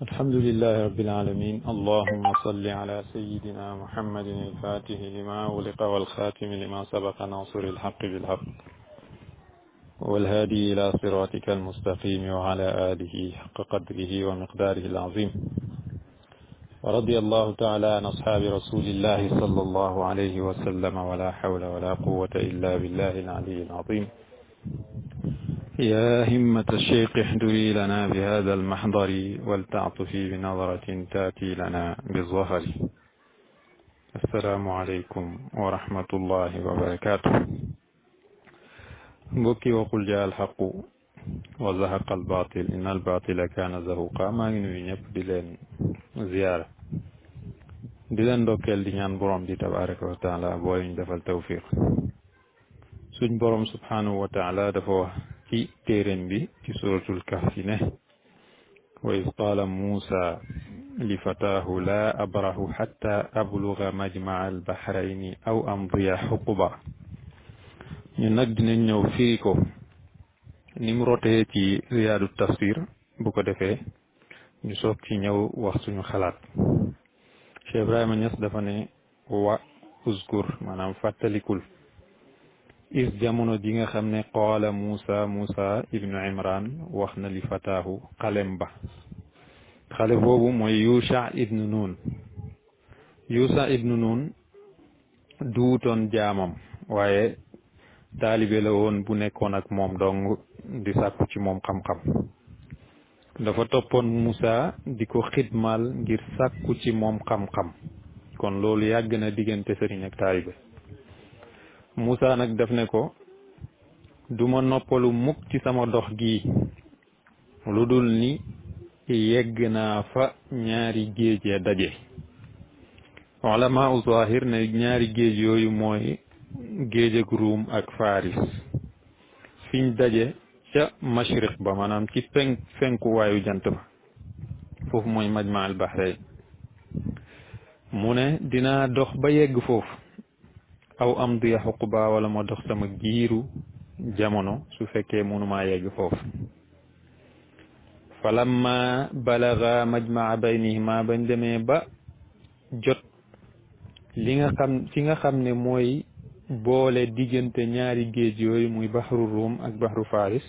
alhamdulilahi rabilalamin allahuma salli ala sayidina muhammadin alfatihi lima uliqa walxatimi lima sabaqa nasiri alxaqi bilxaq walhaadi ila siratika almustaqimi wa ala alihi xaqa qadrihi wa miqdaarihi alazim wa radi allahu taala an asxaabi rasulillahi sala allahu alayhi wa sallama wala xawla wala quwata illa billahi alaliyi alazim يا همة الشيخ احضري لنا بهذا المحضر ولتعطفي بنظرة تأتي لنا بالظهر السلام عليكم ورحمة الله وبركاته بكي وقل جاء الحق وزهق الباطل إن الباطل كان زهوقا ما نوي نيب دي لين زيارة دي لين دوكيل دي ñaan borom di tabarak wa ta'ala boy ñu defal tawfiq suñ borom subhanahu wa ta'ala dafa wax ci téeréem bi ci suratul kahfi ne wa iz qaala muusa li fataahu laa abrahu xatta abluga majmaa albahrayni aw amdiya xuquba ñu nag dinañ ñëw firi ko ni mu rotee riyaadu tafsir bu ko defee ñu soog ci ñëw wax suñu xalaat Cheikh Ibrahima Niass dafa ne wa uzkur maanaam fàttalikul is jamono ji nga xam ne qaala Muusa Muusa ibnu Imran wax na li fataahu xalem ba xale boobu mooy Yusha ibnu Nun Yusha ibnu Nun duutoon jaamam waaye taalibe la woon bu nekkoon ak moom dong di sàkku ci moom xam-xam dafa toppoon Muusa di ko xidmaal ngir sàkku ci moom xam-xam kon loolu yàgg na diggante sëriñ ak taalibe Moussa nag def ne ko du ma noppalu mukk ci sama dox gi lu dul ni yegg naa fa ñaari géej daje ulama u zahir ne ñaari géej yooyu mooy géej ak ruum ak faris fiñ daje ca mashriq ba manaam ci penk fenkuwaayu jant ba foofu mooy majma al bahrain mu ne dinaa dox ba yegg foofu aw am du yaxu xubaa wala ma dox sama giiru jamono su fekkee mënumaa yegg foofu falamma balaga majmaa baynihima bañ demee ba jot li nga xam nga xam ne mooy boole diggante ñaari géej yooyu muy baxru ruum ak baxru faris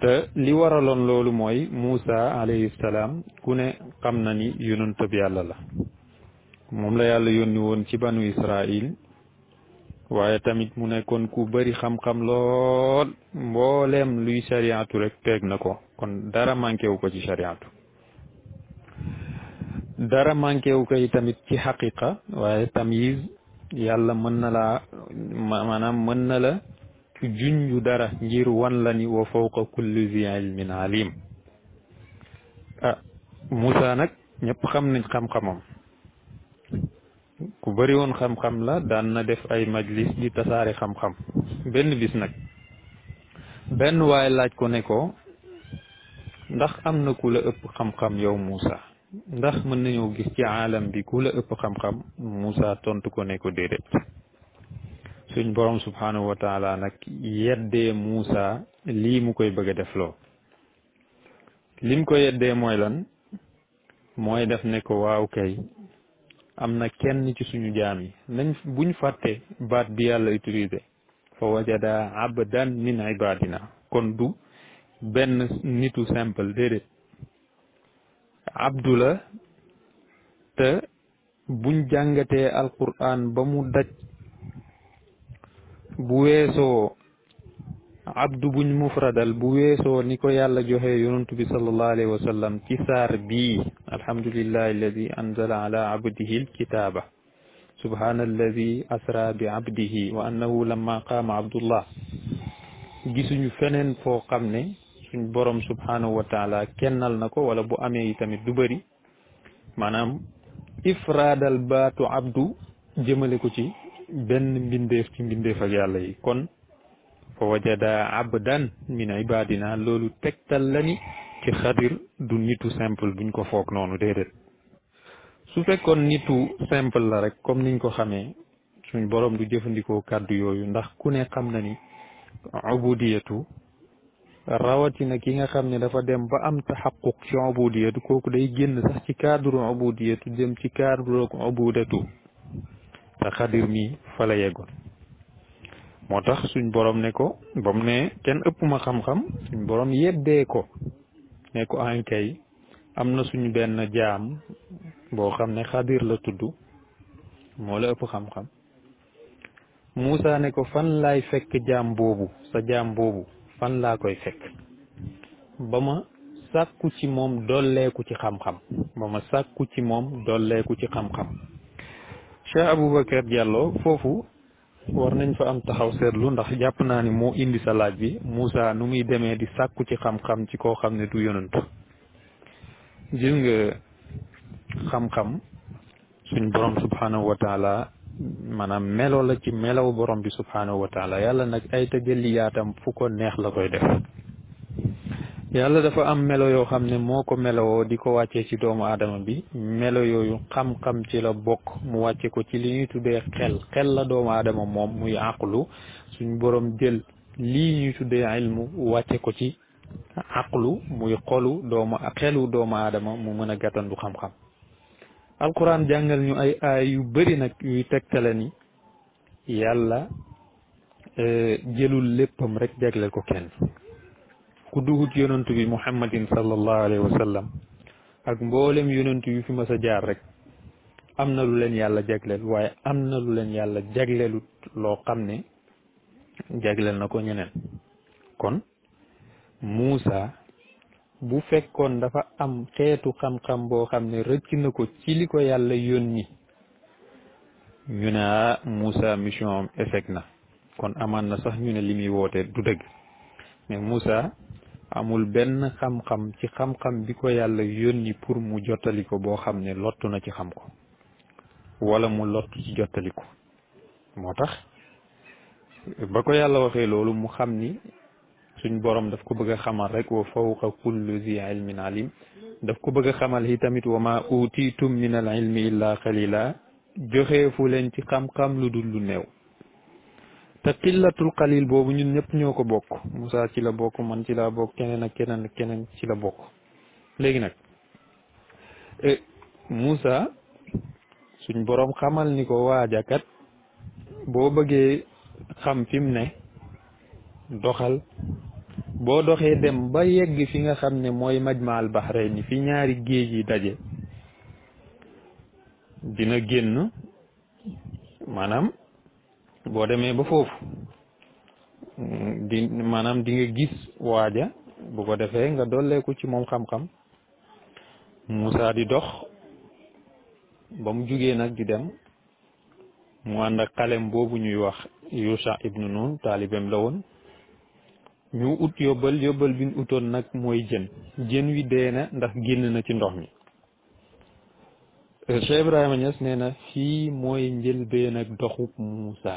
te li waraloon loolu mooy Muusa alayhi salaam ku ne xam na ni yonent tëb yàlla la moom la yàlla yónni woon ci banu Israil waaye tamit mu nekkoon ku bari xam-xam lool mbooleem luy sariyaatu rekk teg na ko kon dara manqué wu ko ci sariyaatu dara manqué wu ko tamit ci xaqiqa waaye tamyiz yàlla mën na laa maanaam mën na la ci junju dara ngir wan la ni wa fawqa kulli zi ilmin alim ah Moussa nag ñëpp xam nañ xam-xamam ku bariwoon woon xam-xam la daan na def ay majlis di tasaare xam-xam benn bis nag benn waay laaj ko ne ko ndax am na ku la ëpp xam-xam yow Moussa ndax mën nañoo gis ci aalam bi ku la ëpp xam-xam Moussa tontu ko ne ko déedéet suñ borom subhanahu wa nag yeddee Moussa lii mu koy bëgg a def loo lim ko yeddee mooy lan mooy def ne ko waaw kay am na kenn ci suñu jaam yi nañ buñ fàtte baat bi yàlla utilisé fa wajada abdan min ibadina kon du benn nitu simple déedéet abdu la te buñ jàngatee alquran ba mu daj bu weesoo abdu buñ mufradal bu weesoo ni ko yàlla joxe yonantu bi sallallahu alayhi wa sallam ci saar bii alhamdulillahi alladi anzala ala abdihi alkitaaba subhana alladi asra bi abdihi wa annahu lamma qaama abdullah gisuñu feneen foo xam ne suñ borom subhanahu wa taala kennal na ko wala bu amee yi tamit du bëri maanaam ifraadal baatu abdu jëmale ko ci benn mbindeef ci mbindeef ak yàlla yi kon fa wajada abdan min ibadina loolu tegtal la ni ci xadir du nitu simple buñ ko foog noonu déedéet su fekkoon nitu simple la rek comme niñ ko xamee suñ borom du jëfandikoo kàddu yooyu ndax ku ne xam na ni ubudiyatu rawatina ki nga xam ne dafa dem ba am taxaquq ci ubudiyatu kooku day génn sax ci cadre ubudiyatu jëm ci cadre ubudatu te xadir mi fa la yeggoon moo tax suñ boroom ne ko ba mu ne kenn ëpp ma xam-xam suñ borom yeddee ko ne ko en ah, kay am na suñu benn jaam boo xam ne xadir la tudd moo la ëpp xam-xam Moussa ne ko fan laay fekk jaam boobu sa jaam boobu fan laa koy fekk ba ma sàkku ci moom dolleeku ci xam-xam ba ma sàkku ci moom dolleeku ci xam foofu war nañ fa am taxaw seetlu ndax jàpp naa ni moo indi sa laaj bi muusa nu muy demee di sàkku ci xam-xam ci koo xam ne du yonantu gis nga xam-xam suñ borom subhanahu wa taala maanaam melo la ci melow borom bi subhanahu wa taala yàlla nag ay yaatam fu ko neex la koy def yàlla dafa am melo yoo xam ne moo ko melowoo di ko wàccee ci doomu aadama bi melo yooyu xam-xam ci la bokk mu wàcce ko ci li ñuy tuddee xel xel la doomu aadama moom muy àqulu suñ boroom jël lii ñuy tuddee ilmu wàcce ko ci àqlu muy xolu doomu xelu doomu aadama mu mën a gàttandu xam-xam alquran jàngal ñu ay aay yu bari nag yuy tegtale ni yàlla eh, jëlul léppam rek jagleel ko kenn ku dugut yonantu bi muhammadin sallallahu alayhi wa sallam ak mboolem yonantu yu fi mas a jaar rek am na lu leen yàlla jagleel waaye am na lu leen yàlla jagleelut loo xam ne jagleel na ko ñeneen kon Muusa bu fekkoon dafa am xeetu xam-xam boo xam ne rëcc na ko ci li ko yàlla yónni ñu ne ah Moussa mission am na kon amaan na sax ñu ne li muy woote du dëgg mais Moussa amul benn xam-xam ci xam-xam bi ko yàlla yónni pour mu jottali ko boo xam ne lottu na ci xam ko wala mu lottu ci jottali ko moo tax ba ko yàlla waxee loolu mu xam ni suñ boroom daf ko bëgg xamal rek wa fawqa kulli zi ilmin alim daf ko bëgg a xamal yi tamit wa ma utiitum min al ilmi illa qalila joxeefu leen ci xam-xam lu dul lu néew te xillatul xalil boobu ñu ñëpp ñoo ko bokk Moussa ci la bokk man ci laa bokk keneen ak keneen ak keneen ci la bokk léegi nag e, musa suñ boroom xamal ni ko waajakat boo bëggee xam fi mu ne doxal boo doxee dem ba yegg fi nga xam ne mooy maal majmaal ni fi ñaari géej yi daje dina génn maanaam boo demee ba foofu di maanaam di nga gis waaja bu ko defee nga dolleeku ci moom xam-xam Moussa di dox ba mu jógee nag di dem mu ànd ak xalem boobu ñuy wax Yusha ibnu Nun taalibeem la woon ñu ut yóbbal yóbbal bi utoon nag mooy jën jën wi dee na ndax génn na ci ndox mi Cheikh Ibrahima Niass nee na fii mooy njëlbeen nag doxu Moussa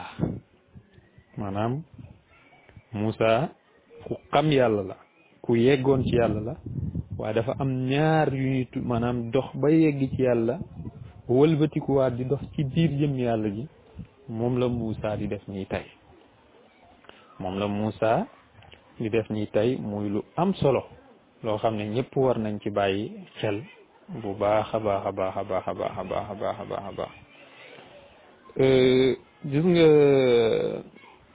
maanaam Moussa ku xam yàlla la ku yeggoon ci yàlla la waa dafa am ñaar yu ñuy tudd maanaam dox ba yegg ci yàlla wëlbatikuwaat di dox ci biir jëm yàlla ji moom la Moussa di def nii tey moom la Moussa di def nii tey muy lu am solo loo xam ne ñépp war nañ ci bàyyi xel bu baax a baax a baax a baax a baax a baax a baax a baax a baax euh, gis nga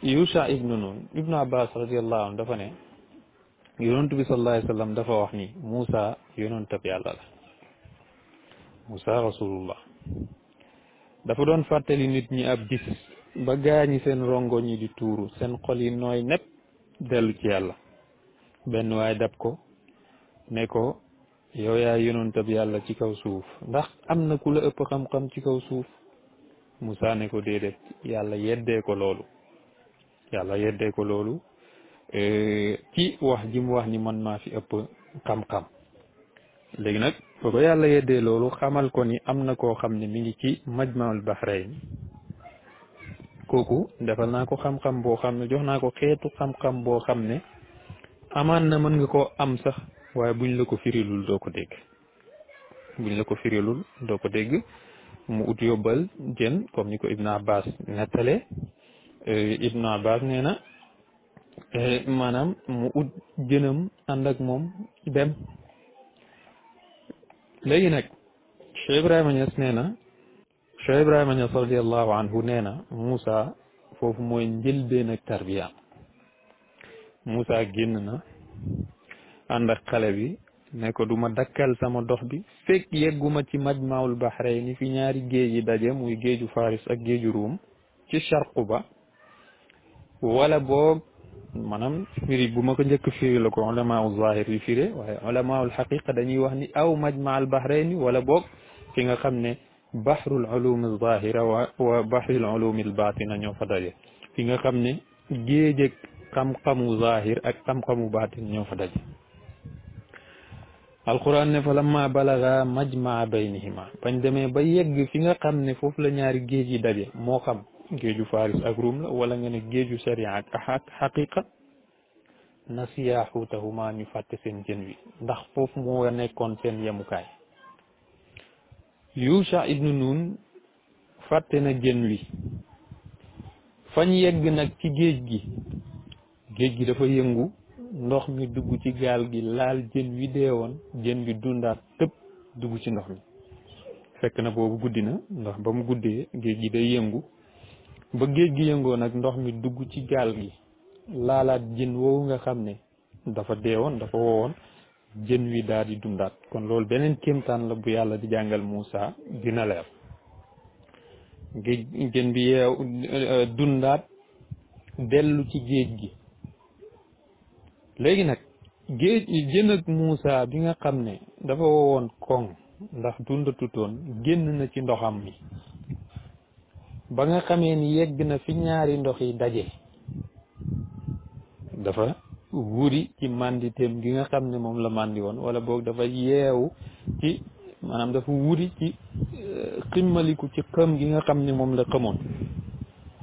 Yusha ibnu Nun ibnu Abbas radiallahu anhu dafa ne yonent bi sallallahu alayhi wa sallam dafa wax ni Moussa yonentab yàlla la Moussa rasulullah dafa doon fàttali nit ñi ab bis ba gaañi seen rongo ñi di tuuru seen xol yi nooy nepp dellu ci yàlla benn waay dab ko ne ko yow ya yaa yonentab yàlla ci kaw suuf ndax am na ku la ëpp xam-xam ci kaw suuf musa ne ko déedéet yàlla yeddee ko loolu yàlla yeddee ko loolu eh, ci wax ji wax ni man maa fi ëpp xam-xam léegi nag ba ko yàlla yeddee loolu xamal ko ni am na koo xam ne mi ngi ci maj ma bahrain kooku defal naa ko xam-xam boo xam ne jox naa ko xeetu xam-xam boo xam ne amaan na mën nga koo am sax waaye buñ la ko firilul doo ko dégg buñ la ko firilul doo ko dégg mu ut yóbbal jën comme ni ko Ibn Abbas nettale eh, Ibn Abbas nee na eh, maanaam mu ut jënam ànd moom dem léegi nag Cheikh Ibrahima Niass nee na Cheikh Ibrahima Niass radiallahu anhu nee na Moussa foofu mooy njëlbeen ak tarbiya Moussa génn na ànd ak xale bi ne ko du ma dakkal sama dox bi fekk yegguma ci majmaawul baxrey ni fi ñaari géej yi daje muy géeju faris ak géeju ruum ci charqu ba wala boog maanaam firi bu ma ko njëkk firi la ko ulamaul zahir yu firé dañuy wax ni aw majmaal bahrayni wala boog fi nga xam ne bahrul ulum al zahira wa wa bahrul al batina ñoo fa daje fi nga xam ne géej ak xam-xamu zahir ak xam-xamu batin ñoo fa daje alquran ne fa lamma balaga majmaa baynihima bañ demee ba yegg fi nga xam ne foofu la ñaari géej yi daje moo xam géeju faris ak rum la wala nga ne géeju sharia ak ak xaqiqa nasiya xuutahuma ñu fàtte seen jën wi ndax foofu moo nekkoon seen yemukaay yusha ibnu nun fàtte na jën wi fañ yegg nag ci géej gi géej gi dafa yëngu ndox mi dugg ci gaal gi laal jën wi dee woon jën bi dundaat tëb dugg ci ndox mi fekk na boobu guddi na ndax ba mu guddee gi day yëngu ba géej gi nag ndox mi dugg ci gaal gi laalaat jën woowu nga xam ne dafa dee woon dafa woowoon jën wi daal dundaat kon loolu beneen kéemtaan la bu yàlla di jàngal Moussa dina leer géej jën bi yeew euh, dundaat dellu ci géej gi léegi nag géej génn ak Moussa bi nga xam ne dafa wowoon koŋ ndax dundatutoon génn na ci ndoxam mi ba nga xamee ni yegg na fi ñaari ndox yi daje dafa wuri ci mànditeem gi nga xam ne moom la màndi woon wala boog dafa yeewu ci maanaam dafa wuri ci euh, ximmaliku ci xëm gi nga xam ne moom la xëmoon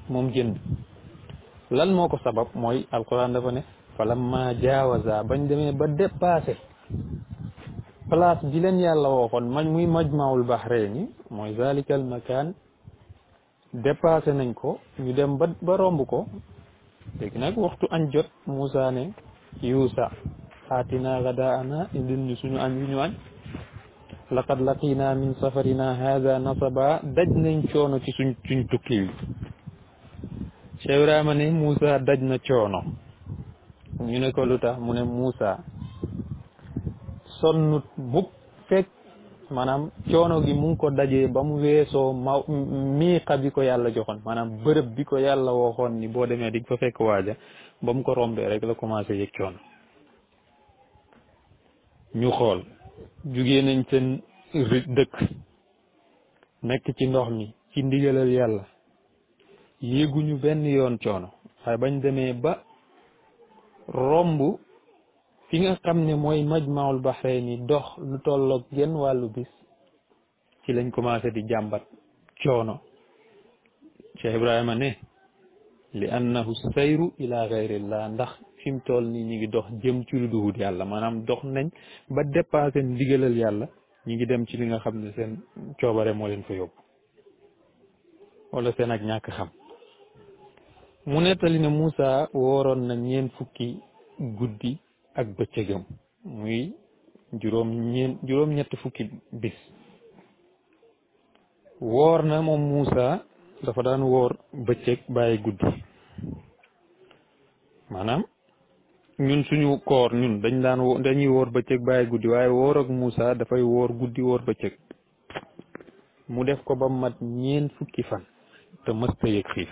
moom jënd lan moo ko sabab mooy alquran dafa ne falamma jaawaza bañ demee ba dépassé place ji leen yàlla waxoon man muy majmaul bahrayni mooy zalikal makan dépassé nañ ko ñu dem ba ba romb ko léegi nag waxtu añ jot Moussa ne Yuusa aatina gadaana indil ñu suñu añ yu ñu añ laqad laqina min safarina hada nasaba daj nañ coono ci suñ suñ tukki yi Cheikh Ibrahima daj na coono ñu ne ko lu tax mu ne Moussa sonnut mukk fekk maanaam coono gi mu ngi ko dajee ba mu weesoo ma miixa bi ko yàlla joxoon maanaam bërëb bi ko yàlla waxoon ni boo demee di fa fekk waaja ba mu ko rombee rek la commencé yëg coono ñu xool jugee nañ seen dëkk nekk ci ndox mi ci ndigalal yàlla yéeguñu benn yoon coono waaye bañ demee ba romb fi nga xam ne mooy majmaul bahrayni dox lu tollook genn wàllu bis ci lañ commencé di jàmbat coono Cheikh Ibrahima ne li annahu sayru ila gayrillah ndax fi mu toll nii ñu ngi dox jëm ci lu duhut yàlla maanaam dox nañ ba dépassé ndigalal yàlla ñu ngi dem ci li nga xam ne seen coobare moo leen fa yóbbu wala seen ak ñàkk xam mu nettali ne muusa wooroon na ñeen fukki guddi ak bëccëgam muy juróom ñeen juróom ñett fukki bis woor na moom muusa dafa daan woor bëccëg bàyyi guddi maanaam ñun suñu koor ñun dañ daan wo dañuy woor bëccëg bàyyi guddi waaye woor ak Moussa dafay woor guddi woor bëccëg mu def ko ba mat ñeent fukki fan te mësta yëg xiif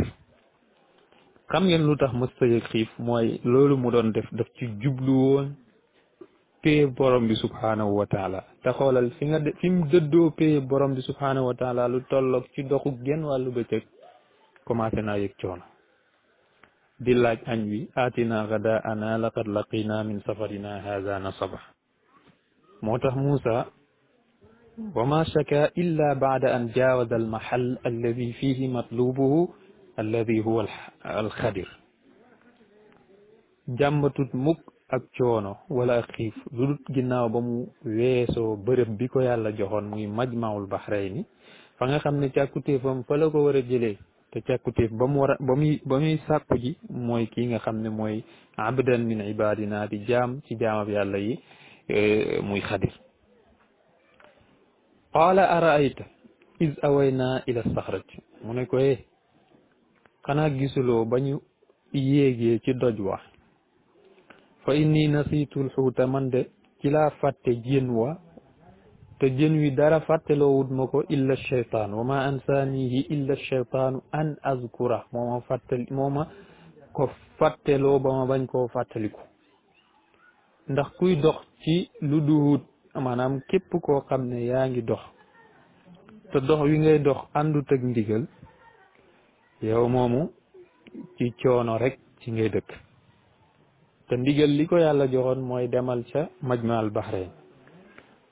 xam ngeen lu tax mësta yëg xiif mooy loolu mu doon def def ci jublu woon pay borom bi subhaanahu wa taala te xoolal fi nga fi mu bi subhaanahu wa taala lu tolloog ci doxu genn wàllu bëccëg commencé naa yëg coono di laaj añ wi aatina gada laqina min safarina haza nasaba moo tax Muusa wa ma shaka illa baada an jaawaza al mahal alladi fihi matlubuhu alladi huwa alxadir jàmbatut mukk ak coono wala ak xiif lu dut ginnaaw ba mu weesoo bërëb bi ko yàlla joxoon muy majmaawul baxrayni fa nga xam ne càkkutéefam fa la ko war a jëlee te ba mu war a ba muy ba ji mooy kii nga xam ne mooy abdan min ibadina di jaam ci jaamab yàlla yi e, muy xadir qaala araayta is awayna ila saxraj mu ne ko eh, xanaa gisuloo ba ñu yéegee ci doj wa fa inni nasiitul xuuta man de ci laa fàtte jën wa te jën wi dara fàtteloowut ma ko illa cheytaan wa ma ansaanihi illa cheytaanu an azkura moo ma fàttali moo ma ko fàtteloo ba ma bañ koo fàttaliku ndax kuy dox ci lu duhut maanaam képp koo xam ne yaa ngi dox te dox wi ngay dox àndut ak ndigal yow moomu ci coono rek ci ngay dëkk te ndigal li ko yàlla joxoon mooy demal ca majma al bahrain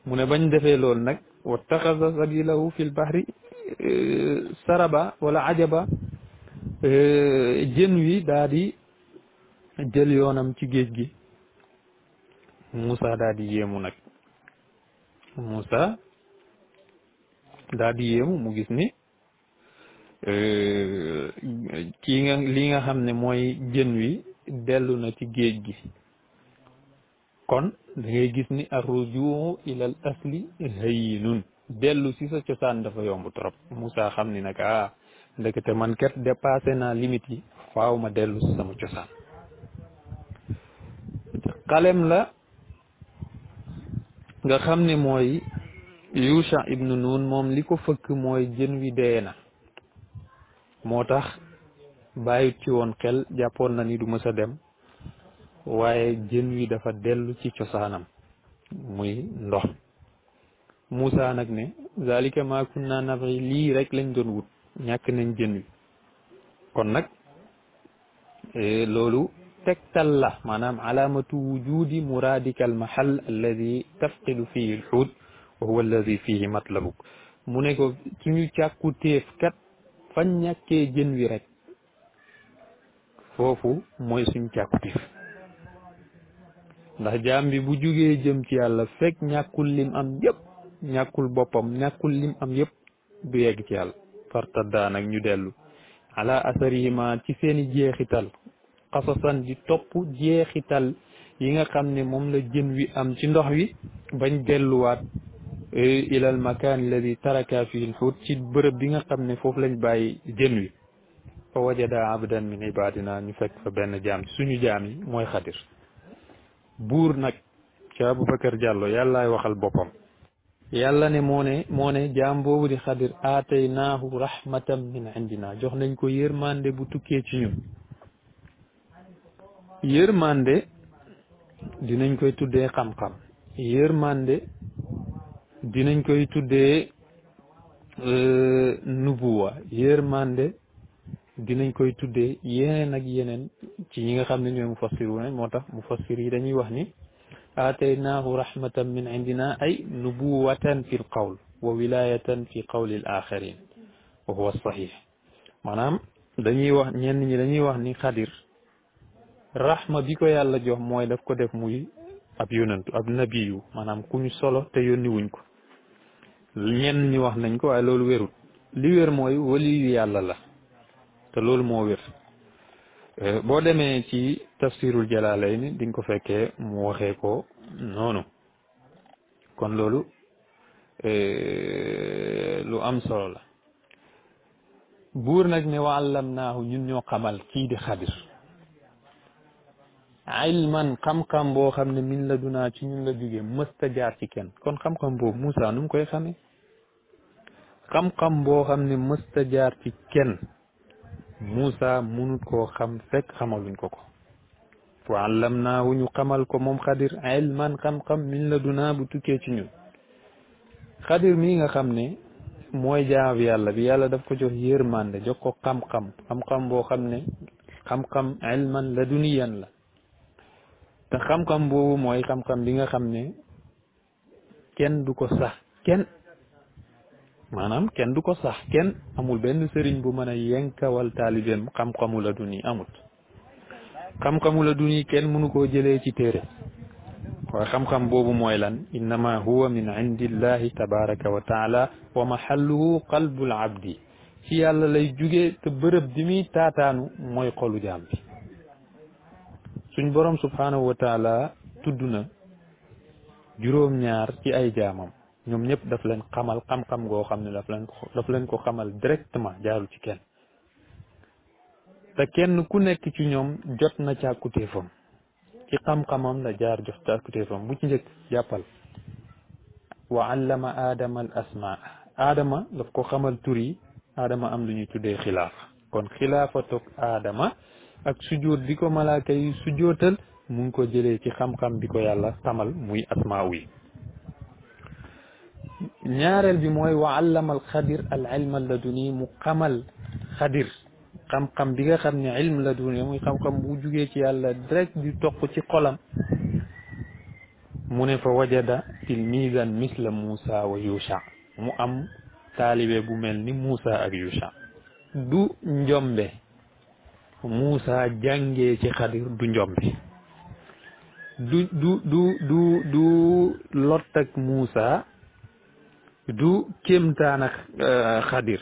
mu ne bañ defee loolu nag wattaxasa sabilahu fi l bahri e, saraba wala ajaba e, jën wi daa di jël yoonam ci géej gi Moussa daa di yéemu nag Moussa daa yéemu mu gis ni Euh, kii nga li nga xam ne mooy jën wi dellu na ci géej gi kon dangay gis ni arrujuu ilal asli hayyinun dellu si sa cosaan dafa yomb trop musa xam ni nag ah ndekete man kat dépassé naa limite yi faaw ma dellu si sama cosaan xalem la nga xam ne mooy Yusha ibnu Nun moom li ko fëkk mooy jën wi dee na moo tax bàyyit ci woon xel jàppoon na ni du mës a dem waaye jën wi dafa dellu ci cosaanam muy ndox Moussa nag ne zalika ma kunna nabri lii rek lañ doon wut ñàkk nañ jën wi kon nag e, loolu tegtal la maanaam alaamatu wujudi muradika al mahal alladi tafqidu fihi alxuud wa huwa alladi mu ne ko suñu càkku téef kat fañ ñàkkee jën wi rekk foofu mooy suñ càkkutif ndax jaam bi bu jugee jëm ci yàlla fekk ñàkkul lim am yëpp ñàkkul boppam ñàkkul lim am yëpp bu yegg ci yàlla fartaddaa nag ñu dellu ala asarihima ci seeni jeexital xasasan di topp jeexital yi nga xam ne moom la jën wi am ci ndox wi bañ delluwaat Eh, ila al makaan alladi taraka fihi alxut ci bërëb bi nga xam ne foofu lañ bàyyi jën wi fa wajada abdan min ibadina ñu fekk benn jaam suñu jaam yi mooy xadir buur nag ca Aboubacar Diallo yàllaay waxal boppam yàlla ne moo ne moo ne jaam boobu di xadir aataynaahu rahmatan min indina jox nañ ko yërmande bu tukkee ci ñun yërmande dinañ koy tuddee xam-xam yërmande dinañ koy tuddee euh, nubuwa yërmande dinañ koy tudde yeneen ak yeneen ci ñi nga xam ne ñooy mu fassiruna moo tax mu fassir yi dañuy wax ni aataynaahu rahmatan min indina ay nubuwatan fi l qawl wa wilayatan fi qawli l axarin wa huwa sahih maanaam dañuy wax ñenn ñi dañuy wax ni xadir rahma bi ko yàlla jox mooy daf ko def muy ab yonantu ab nabiyu maanaam ku solo te yónni wuñ ko ñenn ñi wax nañ ko waaye loolu wérut li wér mooy waliyu yàlla la te loolu moo wér euh, boo demee ci tafsirul jalaalayni di nga ko fekkee mu waxee ko noonu kon loolu euh, lu am solo la buur nag ne wa allamnaahu ñun ñoo xamal kii di xadir ilman xam-xam boo xam ne min la dunaa ci ñun la jógee mësta jaar ci kenn kon xam-xam boobu Moussa nu mu koy xamee xam-xam boo xam ne mësta jaar ci kenn Moussa munut koo xam fekk xamaluñ ko ko wa allamnaahu ñu xamal ko moom xadir ilman xam-xam min la dunaa bu tukkee ci ñun xadir mii nga xam ne mooy jaam yàlla bi yàlla daf ko jox yërmande jox ko xam-xam xam-xam boo xam ne xam-xam ilman la duniyan la te xam-xam boobu mooy xam-xam bi nga xam ne kenn du ko sax kenn maanaam kenn du ko sax kenn amul benn sëriñ bu mën a yenkawal taalibeem xam-xamu la du nii amut xam-xamu la du nii kenn mënu koo jëlee ci téere waaye xam-xam boobu mooy lan innama huwa min indillahi tabaraka wa taala wa mahalluhu qalbul abdi ci yàlla lay juge te bërëb bi muy taataanu mooy xolu jaam bi suñ borom subhanahu wa taala tudd na juróom-ñaar ci ay jaamam ñoom ñëpp daf leen xamal xam-xam goo xam ne daf leen ko daf leen ko xamal directement jaarul ci kenn te kenn ku nekk ci ñoom jot na càkkutéefam ci xam-xamam la jaar jox càkkutéefam bu ci njëkk jàppal wa allama aadama asmaa aadama daf ko xamal tur yi aadama am lu ñuy tuddee xilaafa kon xilaafatoog aadama ak sujjóot bi ko malaaka yi sujjóotal mu ngi ko jëlee ci xam-xam bi ko yàlla tamal muy asmaaw yi ñaareel bi mooy wa allama al xadir al ilma laduni mu xamal xadir xam-xam bi nga xam ne ilm muy xam bu jugee ci yàlla direct di toq ci xolam mu ne fa wajada tilmidan misla Moussa wa Yusha mu am taalibe bu mel ni Moussa ak Yusha du njombe Moussa jàngee ci xadir du njombe du du du du du lot ak Moussa du kéemtaan ak euh, xadir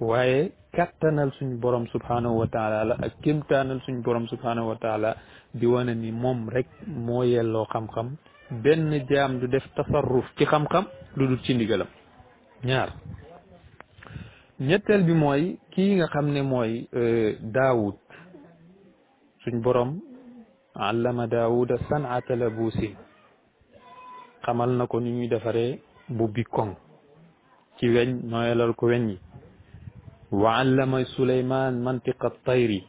waaye kattanal suñu borom subhanahu wa taala la ak kéemtaanal suñ borom subhanahu wa di wane ni moom rekk moo yelloo xam-xam benn jaam du def tasarruf ci xam-xam lu dul ci ndigalam ñaar ñetteel bi mooy kii nga xam ne mooy euh, daawud suñ borom allama daawuda sanata labuusin xamal na ko ni ñuy defaree mbubbi koŋ ci weñ nooyalal ko weñ yi wa allama suleyman mantiqa tayri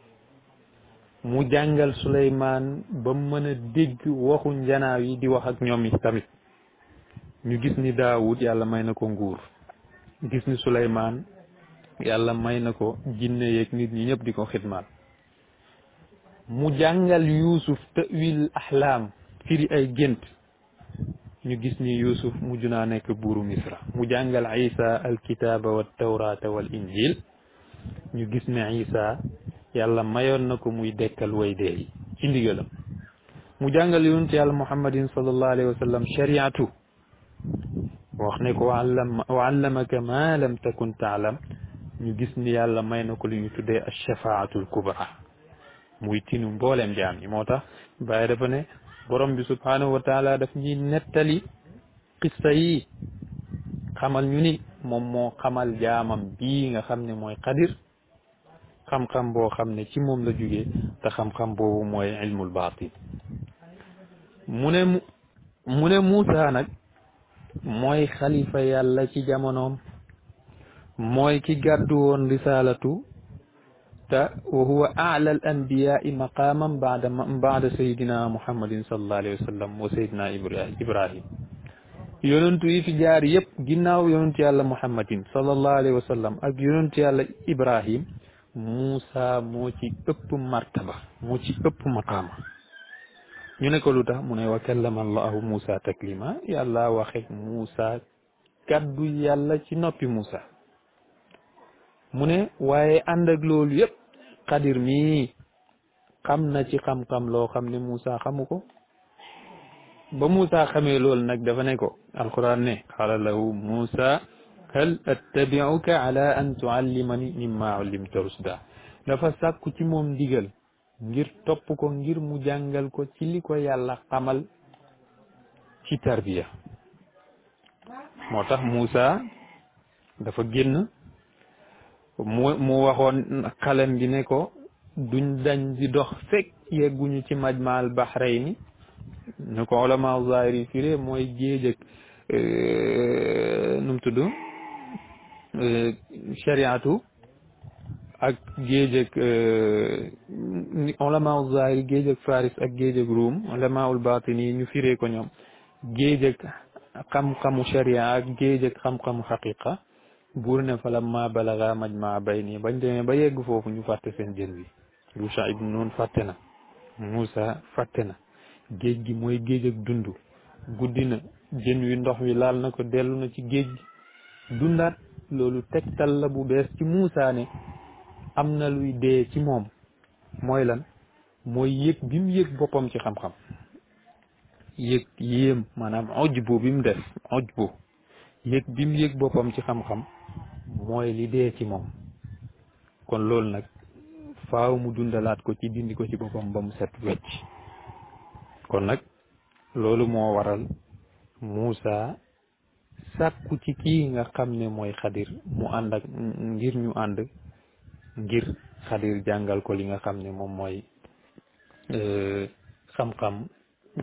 mu jàngal suleyman ba mën a waxu njanaaw yi di wax ak ñoom yi tamit ñu gis ni daawud yàlla may na ko nguur gis ni suleyman yàlla may na ko jinne yeeg nit ñi ñëpp di ko xidmaat mu jàngal yuusuf tawil ahlaam firi ay gént ñu gis ni yuusuf mujj naa nekk buuru misra mu jàngal isa alkitaaba wa tawrata wal injil ñu gis ne isa yàlla mayoon na ko muy dekkal way dee yi ci ndigalam mu jàngal yonent yàlla muhammadin sallallahu alayhi wa sallam shariatu wax ne ko wa allamaka ma lam takun taalam ñu gis ni yàlla may na ko li ñu tuddee ashafaatul kubra muy tinu mboolem jaam yi moo tax bàyyi dafa ne borom bi subhanahu wa taala daf ñuy nettali qissa yi xamal ñu ni moom moo xamal jaamam bii nga xam ne mooy xadir xam-xam boo xam ne ci moom la jóge te xam-xam boobu mooy ilmul baatin mu ne mu ne Muusa nag mooy xalifa yàlla ci jamonoom mooy ki gàddu woon risaalatu te wa huwa aala al anbiyaai maqaaman baada baada ibrahim yonentu yi fi jaar yëpp ginnaaw yonentu yàlla muhammadin sallallahu ak yonentu yàlla ibrahim Moussa moo ci martaba moo ci ëpp maqaama ñu ne mu ne wa kallama allahu Moussa taklima yàlla wax ak Moussa kaddu ci noppi Moussa mu ne waaye ànd ak loolu yëpp xadir mii xam na ci xam-xam loo xam ne Moussa xamu ko ba Moussa xamee loolu nag dafa ne ko alquran ne qaala lahu Moussa hal attabi'uka ala an tuallimani mimma ullimta rushda dafa sàkku ci moom ndigal ngir topp ko ngir mu jàngal ko ci li ko yàlla xamal ci tarbiya moo tax Moussa dafa génn mu mu waxoon xalam bi ne ko duñ dañ di dox fekk yegguñu ci majmaal bahrayni ñu ko olama zahir yi firee mooy géej ak euh, nu mu tudd chariatu euh, ak géej ak olama euh, zahir géej ak faris ak géej ak ruum olamaul batini ñu firee ko ñoom géej ak xam-xamu charia ak géej ak xam-xamu xaqiqa buur ne falam ma balaga majmaa bay nii bañ demee ba yegg foofu ñu fàtte seen jën wi Yuusa ibnu noonu fàtte na Muusa fàtte na géej gi mooy géej ak dund guddi na jën wi ndox wi laal na ko dellu na ci géej dundaat loolu tegtal la bu bees ci Muusa ne am na luy dee ci moom mooy lan mooy yëg bi mu yëg boppam ci xam-xam yëg yéem maanaam ojbu bi mu def ojbu yëg bi mu yëg boppam ci xam-xam mooy li dee ci moom kon loolu nag faaw mu dundalaat ko ci dindi ko ci boppam ba mu set wecc kon nag loolu moo waral Muusa sàkku ci kii nga xam ne mooy xadir mu ànd ngir ñu ànd ngir xadir jàngal ko li nga xam ne moom mooy euh, xam-xam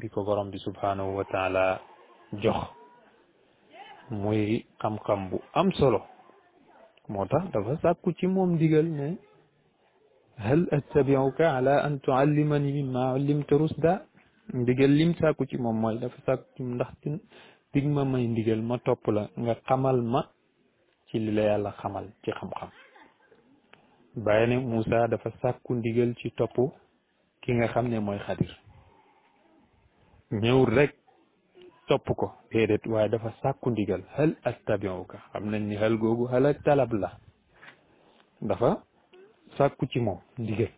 bi ko borom bi subhanahu wa jox muy xam-xam bu am solo moo tax dafa sàkku ci moom ndigal ne hal attabiuka ala an tuallimani mimma allimta rusda ndigal lim sàkku ci moom mooy dafa sàkku ci ndax dig ma may ndigal ma topp la nga xamal ma ci li la yàlla xamal ci xam-xam bàyyi ne Moussa dafa sakku ndigal ci topp ki nga xam ne mooy xadir ñëw rek topp ko déedéet waaye dafa sàkku ndigal hal astabiuka xam nañ ni hal googu hal ak talab la dafa sakku ci moom ndigal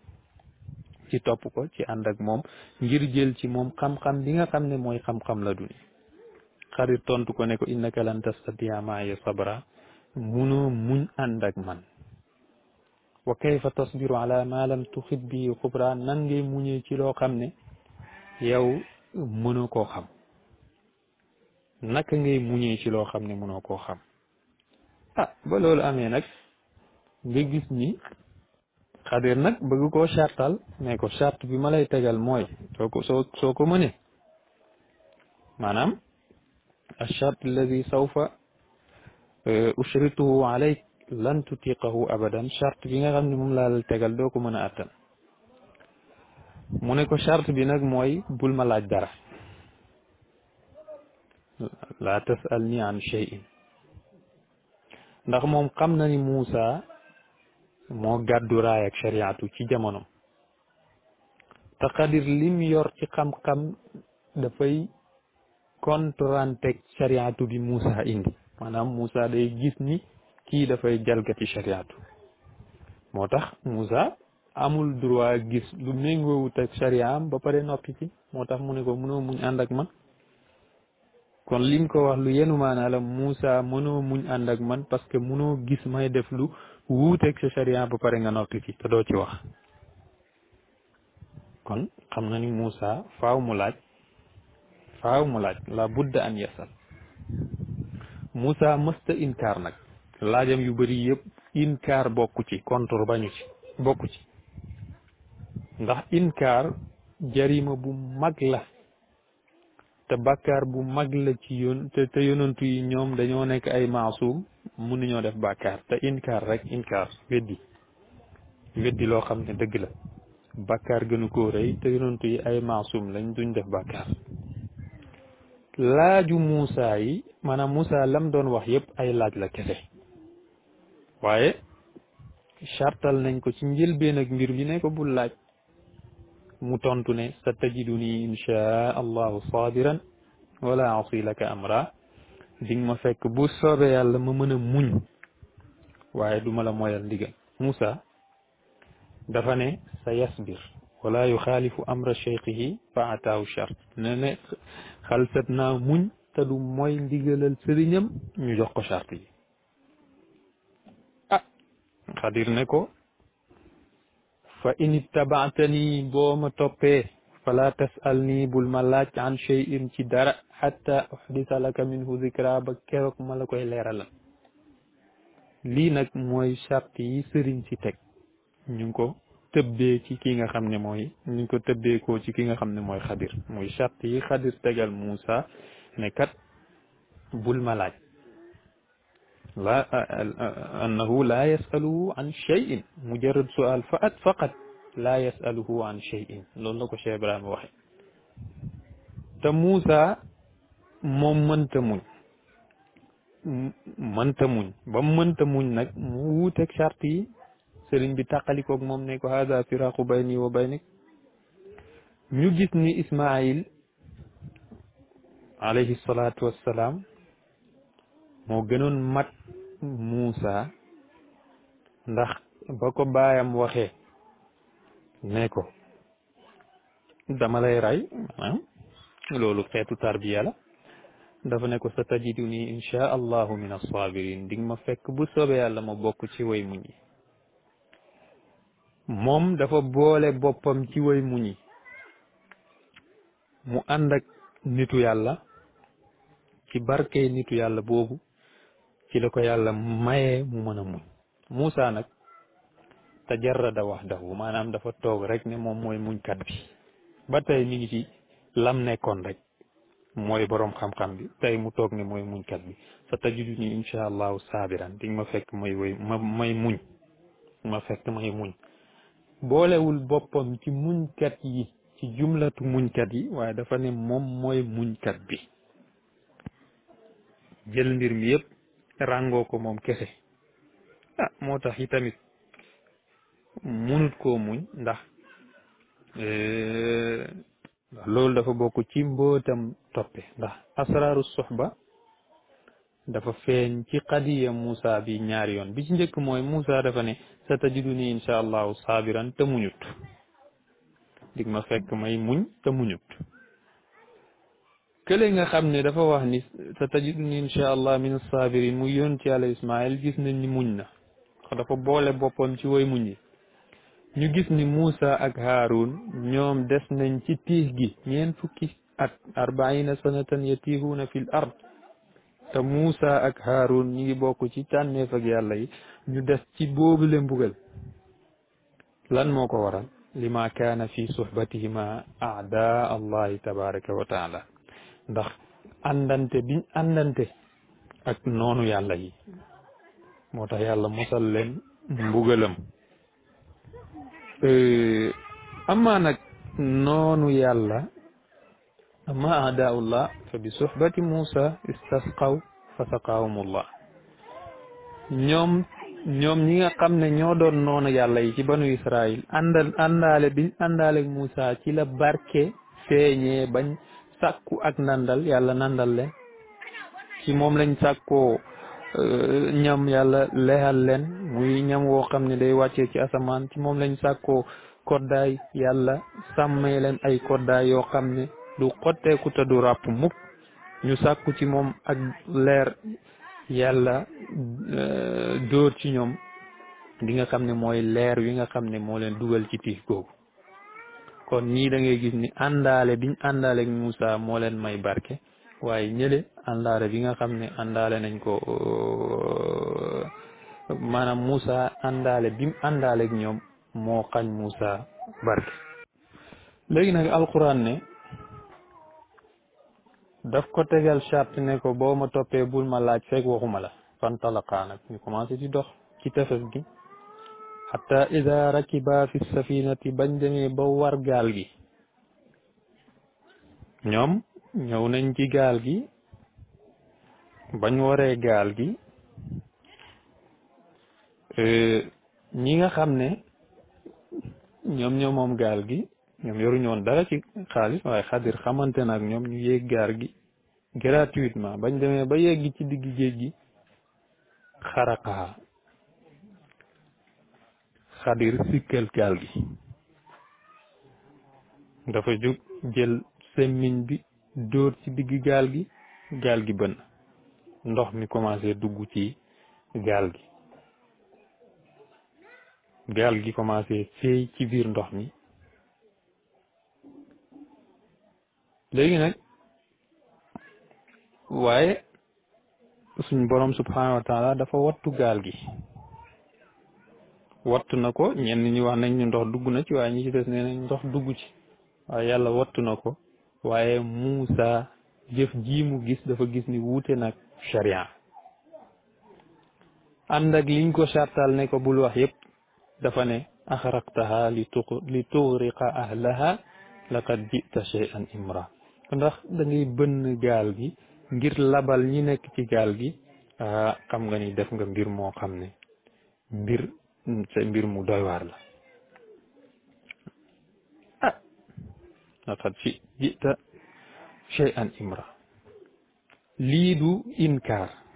ci topp ko ci ànd moom ngir jël ci moom xam-xam bi nga xam ne mooy xam-xam la duni xarit tontu ko ne ko innaka lan tastatia maaya sabra muñ ànd ak man wa fa tasbiru ala ma lam tuxit bi xubra nan ngay ci loo xam ne yow mënoo koo xam naka ngay muñee ci loo xam ne mënoo koo xam ah ba loolu amee nag nga gis ni xadir nag bëgg koo chartal ne ko charte bi ma lay tegal mooy soo ko soo soo ko mënee maanaam acharte alladi sawfa euh, ushrituhu alayk lan tutiqahu abadan charte bi nga xam ni moom laa tegal doo ko mën a attan mu ne ko charte bi nag mooy bul ma laaj dara laa tasalni an shay'in ndax moom xam na ni moo gàddu raay shariatu ci jamonom te xadir lim yor ci xam-xam dafay kontrante shariatu bi Muusa indi maanaam Muusa day gis ni kii dafay jalgati shariatu moo tax Muusa amul droit gis lu méngoowut ak shariaam ba pare noppi ci moo tax mu ne ko mënoo muñ ànd ak man kon lim ko wax lu yenu maanaa la Moussa mënoo muñ ànd ak man parce que mënoo gis may def lu wuuteeg sa charia ba pare nga noppi ci te doo ci wax kon xam na ni Moussa faaw mu laaj faaw mu laaj la budda an yasal Moussa mësta inkaar nag laajam yu bari yépp incar bokk ci contre bañu ci bokku ci ndax inkaar jarima bu mag la te bàkkaar bu mag la ci yoon te te yonantu yi ñoom dañoo nekk ay maasum mënuñoo def bàkkaar te inkaar rek inkaar weddi weddi loo xam ne dëgg la bàkkaar gënu ko rëy te yonantu yi ay maasum lañ duñ def bàkkaar laaju Muusa yi maanaam Muusa lam doon wax yépp ay laaj la kese waaye chartal nañ ko ci njëlbeen ak mbir bi ne ko bul laaj mu tontu ne sa tajiduni insha allahu sabiran wala asi laka amra di ma fekk bu soobee yàlla ma mën muñ waaye duma la moyal ndigal Moussa dafa ne sa yasbir wala yuxaalifu amra cheikhihi fa ataahu chart ne ne xalsat muñ te du mooy ndigalal sëriñam ñu jox ko chart yi ah xadir ko fa in ittabaatani boo ma toppee fala tasal nii bul ma laaj an cheyin ci dara xatta uxdisa laka minhu zikra ba keroog ma la koy leeralal lii nag mooy sart yi sëriñ si teg ñu ngi ko tëbbee ci ki nga xam ne mooy ñu ko tëbbee ko ci ki nga xam ne mooy xadir mooy sart yi xadir tegal Moussa ne kat bul ma laaj لا أنه لا يسأله عن شيء مجرد سؤال فقط فقط لا يسأله عن شيء loolu la ko Cheikh Ibrahima waxe te Moussa moom mënta muñ mënta muñ ba mënta muñ nag mu wuuteeg charte yi sëriñ bi tàqalikoog moom ne ko hada firaqu bayni wa baynik ñu gis ni Ismaïl alayhi salaatu wassalaam moo gënoon mat Muusa ndax ba ko baayam waxee ne ko dama lay rey loolu xeetu tarbiya la dafa ne ko sa tajidu nii insha allahu min assabirin di ma fekk bu soobee yàlla ma bokk ci way muñ yi moom dafa boole boppam ci way muñ yi mu ànd ak nitu yàlla ci barkey nitu yàlla boobu ci la ko yàlla mayee mu mën a muñ Moussa nag tajarrada wahdahu maanaam dafa toog rek ne moom mooy muñkat bi ba tey mi ngi ci lam nekkoon rek mooy boroom xam-xam bi tey mu toog ne mooy muñkat bi sa tajidu ni incha allahu saabiran di ma fekk may woy ma may muñ ma fekk may muñ boolewul boppam ci muñkat yi ci jumlatu muñkat yi waaye dafa ne moom mooy muñkat bi jël mbir mi yëpp ràngoo ko moom kese a ah, moo tax itamit munut ko muñ ndax eh, ndax loolu dafa bokk ci mbootam toppe ndax asraaru soxba dafa feeñ ci qadiya Moussa bi ñaari yoon bi ci njëkk mooy Moussa dafa ne sa tajidu ni insha allahu saabiran te muñut dig ma fekk may muñ te muñut kële nga xam ne dafa wax ni sa tajiduni incha allah min assabirin mu yonent yàlla ismail gis nañ ni muñ na dafa boole boppam ci woy muñ yi ñu gis ni Moussa ak Haroun ñoom des nañ ci tiix gi ñeent fukki at arbaina sanatan yatihuuna fil ard te Moussa ak Haroun ñu ngi bokk ci tànneef yàlla yi ñu des ci boobu le mbugal lan moo ko waral lima kaana fi suhbatihima aadaa allahi tabaraka wa ndax àndante biñ àndante ak noonu yàlla yi moo tax yàlla musal leen mbugalam euh, amma nag noonu yàlla amma aadaullah fa bi suhbati Muusa istasqaw fa saqaahumullah ñoom ñoom ñi nga xam ne ñoo doon noonu yàlla yi ci banu Israil àndal àndaale bi ci la barke feeñee bañ sàkku ak nandal yàlla nandal leen ci moom lañ sàkkoo euh, ñam yàlla leexal leen muy ñam woo xam ne day wàccee ci asamaan ci moom lañ sàkkoo koddaay yàlla sàmmee leen ay koddaay yoo xam ne du xotteeku te du ràpp mukk ñu sàkku ci moom ak leer yàlla euh, dóor ci ñoom li nga xam ne mooy leer wi nga xam ne moo leen dugal ci tiif googu kon ñii da ngay gis ni àndaale biñ àndaale ak Moussa moo leen may barke waaye ñële àndaale bi nga xam ne àndaale nañ ko euh, maanaam Moussa àndaale bim àndaale ñoom moo xañ Moussa barke léegi nag alquran ne daf ko tegal charte ne ko boo ma toppee bul ma laaj fekk waxuma la fan talaqaa nag ñu commencé di dox ci tefes gi xata ida rakiba fi safinati bañ demee ba war gaal gi ñoom ñëw nañ ci gaal gi bañ waree gaal gi e, ñi nga xam ne ñoom ñoo moom gaal gi ñoom yoruñu woon dara ci xaalis waaye xadir xamante na ak ñoom ñu yéeg gaal gi gratuitement bañ demee ba yegg ci digg géej gi xaraqaa xadir sikkal gaal dafa jóg jël semmiñ bi dóor ci digg gaal gi gaal gi bënn ndox mi commencé dugg ci gaal gi gaal gi commencé seey ci biir ndox mi léegi nag waaye suñ borom subhanahu wa dafa wattu gaal gi wattu na ko ñenn ñi wax nañ ñu ndox dugg na ci waaye ñi ci des nee nañ ndox dugg ci waaye yàlla wattu na ko waaye Muusa jëf ji mu gis dafa gis ni wuute nag sharia ànd ak liñ ko sartal ne ko bul wax yépp dafa ne axraqtaha li tu li tuxriqa ahlaha laqad jita shay'an imra ndax da ngay bënn gaal gi ngir labal ñi nekk ci gaal gi ah xam nga ni def nga mbir moo xam ne mbir te hmm, mbir mu doy waar la ah laqad fi jita shay'an imra lii du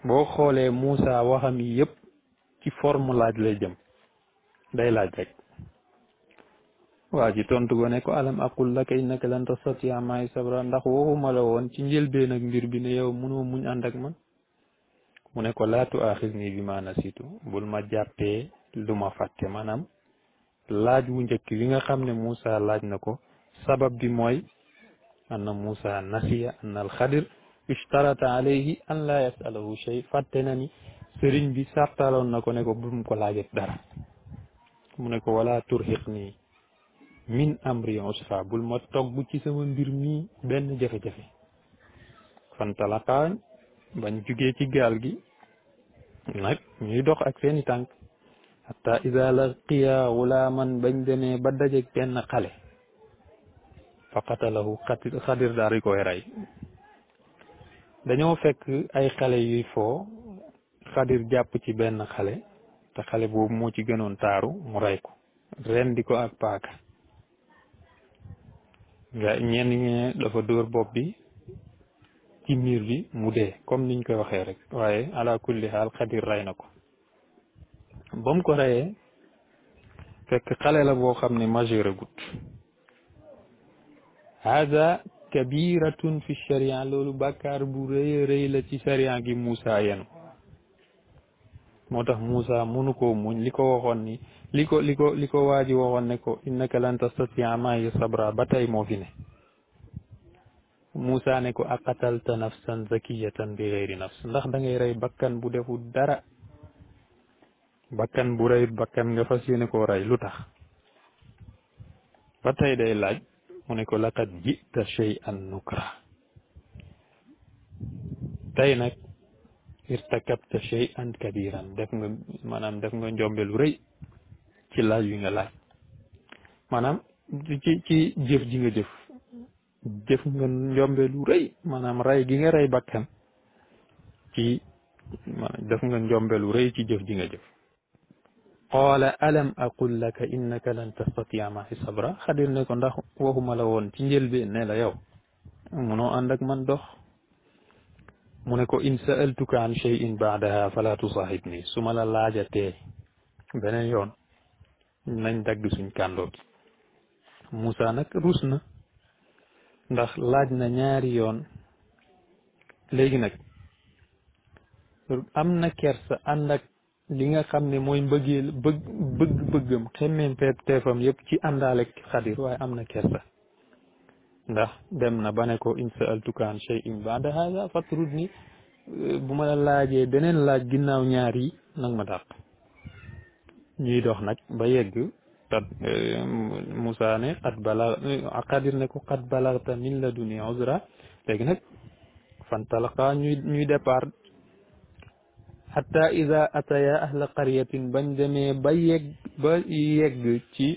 boo xoolee Moussa waxam yi yëpp ci forme laaj lay jëm day laaj rek waa ji tontu ko ne ko alam aqul laka innaka lan tastatia sabra ndax waxuma la woon ci njëlbeen ak mbir bi ne yow mënoo muñ ànd ak ma nasitu lu ma fàtte maanaam laaj wu njëkk wi nga xam ne Moussa laaj na ko sabab bi mooy anna Moussa nasiya anna alxadir ishtarata alayhi an laa yasalahu shay fàtte na ni sëriñ bi sartaloon na ko ne ko bu ko laaje dara mu ne ko wala turxiq nii min amri usra bul ma togg ci sama mbir mii benn jafe-jafe fantalaqaa bañ jugee ci gaal gi nag ñuy dox ak seeni tànk hatta ida laqiya gulaaman bañ demee ba dajeeg benn xale fa qatalahu xadir daal di dañoo fekk ay xale yuy foo xadir jàpp ci benn xale te xale boobu moo ci gënoon taaru mu rey ko ren di ak paaka nga ñenn dafa dóor bopp bi ci miir bi mu dee comme niñ koy waxee rek waaye ala kulli xaal xadir rey na ko ba ko reyee fekk xale la boo xam ne majeure gut hada kabiratun fi sharia loolu bàkkaar bu rëy ci sharia gi Moussa yenu moo tax Moussa mënu koo muñ li ko waxoon ni li liko waaji ko li ko waa ji waxoon ne ko innaka lan tastatia maayi sabra ba tey moo fi ne Moussa ne ko aqatalta nafsan zakiyatan bi gayri nafs ndax da ngay rey bakkan bu defu dara bakkan bu rey bakkan nga fas yéene ko rey lu tax ba tey day laaj mu ne ko laqad jita shay'an nukra tey nag irtakabta shay'an kabiran def nga maanaam def nga njombe lu rëy ci laaj wi nga laaj maanaam ci ci jëf ji nga jëf jëf nga njombe rëy maanaam rey gi nga ray bakkan ci maanaam def nga njombe lu rëy ci jëf ji nga jëf qaala alam aqul laka innaka lan tastatia mahi sabra xadir ne ko ndax waxuma la woon ci njëlbeen ne la yow munoo ànd man dox mu ne ko in sa'altuka an shay'in ba'daha fala tusahibni su ma la laajatee beneen yoon nañ dagg suñ kàndoo musa Moussa nag rus na ndax laaj na ñaari yoon léegi nag am na kersa ànd li nga xam ne mooy mbëggeel bëgg bëgg bëggam xemmem teefam yëpp ci àndaale xadir waaye am na kersa ndax dem na ba ne ko in sa'altuka an shay'in ba'da hadha fatrudni euh, bu ma la laajee beneen laaj ginnaaw ñaar yi nag ma dàq ñuy dox nag ba yegg tat euh, Moussa ne qad bala euh, xadir ne ko qad balagta min laduni uzra léegi nag fantalqa ñuy ñuy départ xataa ida ataya ahla qaryatin bañ demee ba yegg ci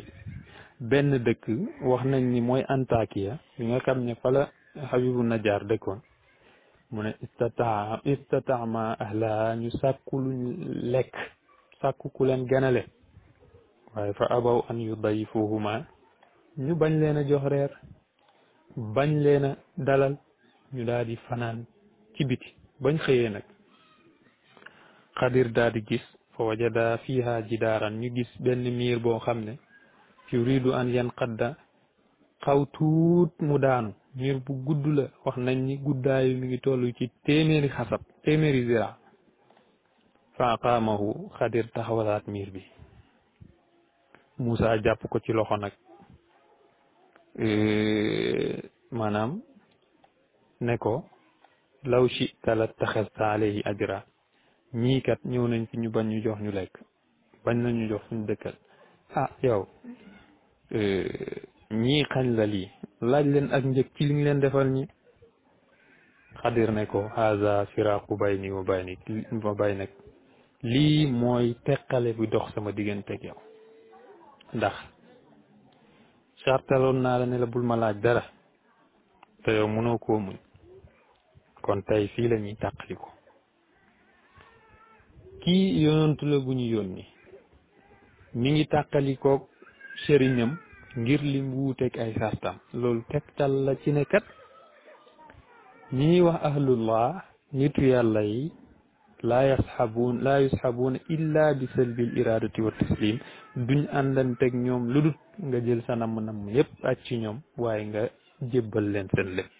benn dëkk wax nañ ni mooy antakiya bi nga xam ne fala xabibu najaar dëkkoon mu ne istata istatama ahlaha ñu sàkku luñ lekk sàkku ku leen ganale waaye fa abaw an yudayifuhuma ñu bañ leen a bañ leen a dalal ñu daal fanaan ci biti bañ xëyee nag xadir daa di gis fa wajada fiha jidaaran ñu gis benn miir boo xam ne yuridu an yanqadda xaw tuut mu daanu miir bu gudd la wax nañ ni guddaayu mi ngi toll ci téeméeri xasab téeméeri zira fa aqaamahu xadir taxawalaat miir bi Moussa jàpp ko ci loxo nag maanaam ne ko law chita la taxasta alayhi ajra ñii kat ñëw nañ fi ñu bañ ñu jox ñu lekk bañ nañu jox suñu dëkkal ah yow euh, ñii xañ la lii laaj leen ak njëg ci li leen defal ñi xadir ne ko haza firaqu bayni wa baynik wa baynak lii mooy teqale bi dox sama digganteeg yow ndax sartaloon naa la ne la bul ma laaj dara te yow mënoo ko muñ kon tey fii la ñuy tàqali ko kii yonent la bu ñu yónni mi ngi tàqalikoog sëriñam ngir lim wuuteeg ay sastam loolu tegtal la ci ne kat ñi wax ahlullah nitu yàlla yi laa yasxabuun laa yusxabuuna illa bi salbil iradati wa taslim duñ àndanteeg ñoom lu dut nga jël sa namm-namm yépp ak ci ñoom waaye nga jébbal leen seen lépp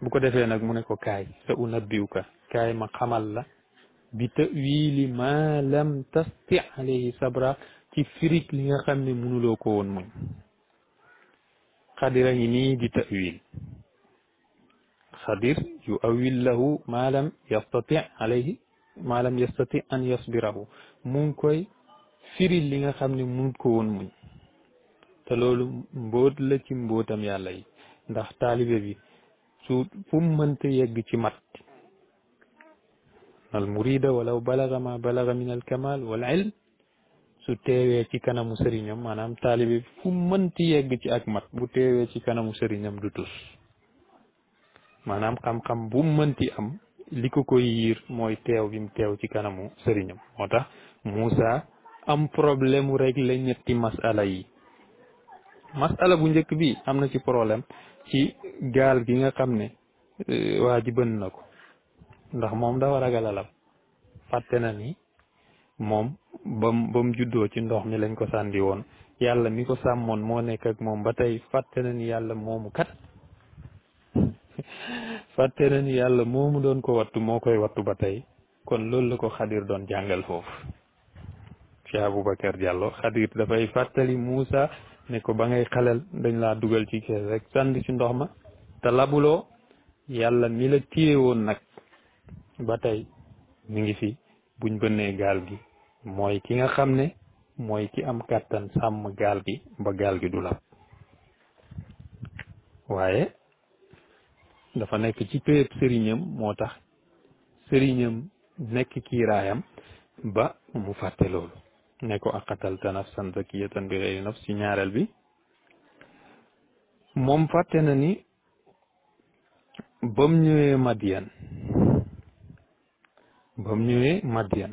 bu ko defee nag mu ne ko kaay sa unabbiuka kaay ma xamal la bi tawili ma lam tasti alayhi sabra ci firig li nga xam ne mënuloo ko woon muñ xadira ngi nii di tawil xadir yu awil lahu ma lam yastati alayhi ma lam yastati an yasbirahu mu koy firil li nga xam ni mënut ko woon muñ te loolu mbóot la ci mbóotam yàlla yi ndax taalibe bi su fu mu mënta yegg ci mat al murida wala balaga ma balaga min al kamal wal ilm su teewee ci kanamu sëriñam maanaam taalibe fu mënti yegg ci ak mat bu teewee ci kanamu sëriñam du tus maanaam xam-xam bu mënti am li ko koy yiir mooy teew bi mu teew ci kanamu sëriñam moo tax Moussa am problème rek la ñetti masala yi masala bu njëkk bi am na ci problème ci gaal gi nga xam ne euh, waa ji bënn na ko ndax moom dafa ragal alam fàtte na ni moom bam ba mu juddoo ci ndox mi lañ ko sàndi woon yàlla mi ko sàmmoon moo nekk ak moom ba tey fàtte na ni yàlla moomu kat fàtte na yàlla moomu doon ko wattu moo koy wattu ba tey kon loolu la ko xadir doon jàngal foofu Cheikh Aboubacar Diallo xadir dafay fàttali muusa ne ko ba ngay xalel dañ laa dugal ci kees rek sànni ci ndox ma te labuloo yàlla mi la téye woon nag ba tey mi ngi fi buñ bënnee gaal gi mooy ki nga xam ne mooy ki am kàttan sàmm gaal gi ba gaal gi du lab waaye dafa nekk ci péyeb sëriñam moo tax sëriñam nekk kiiraayam ba mu fàtte loolu ne ko aqatalta nafsan zakiyatan bi gayri nafs ci ñaareel bi moom fàtte na ni bam ñëwee Madiyan ba mu ñëwee Madian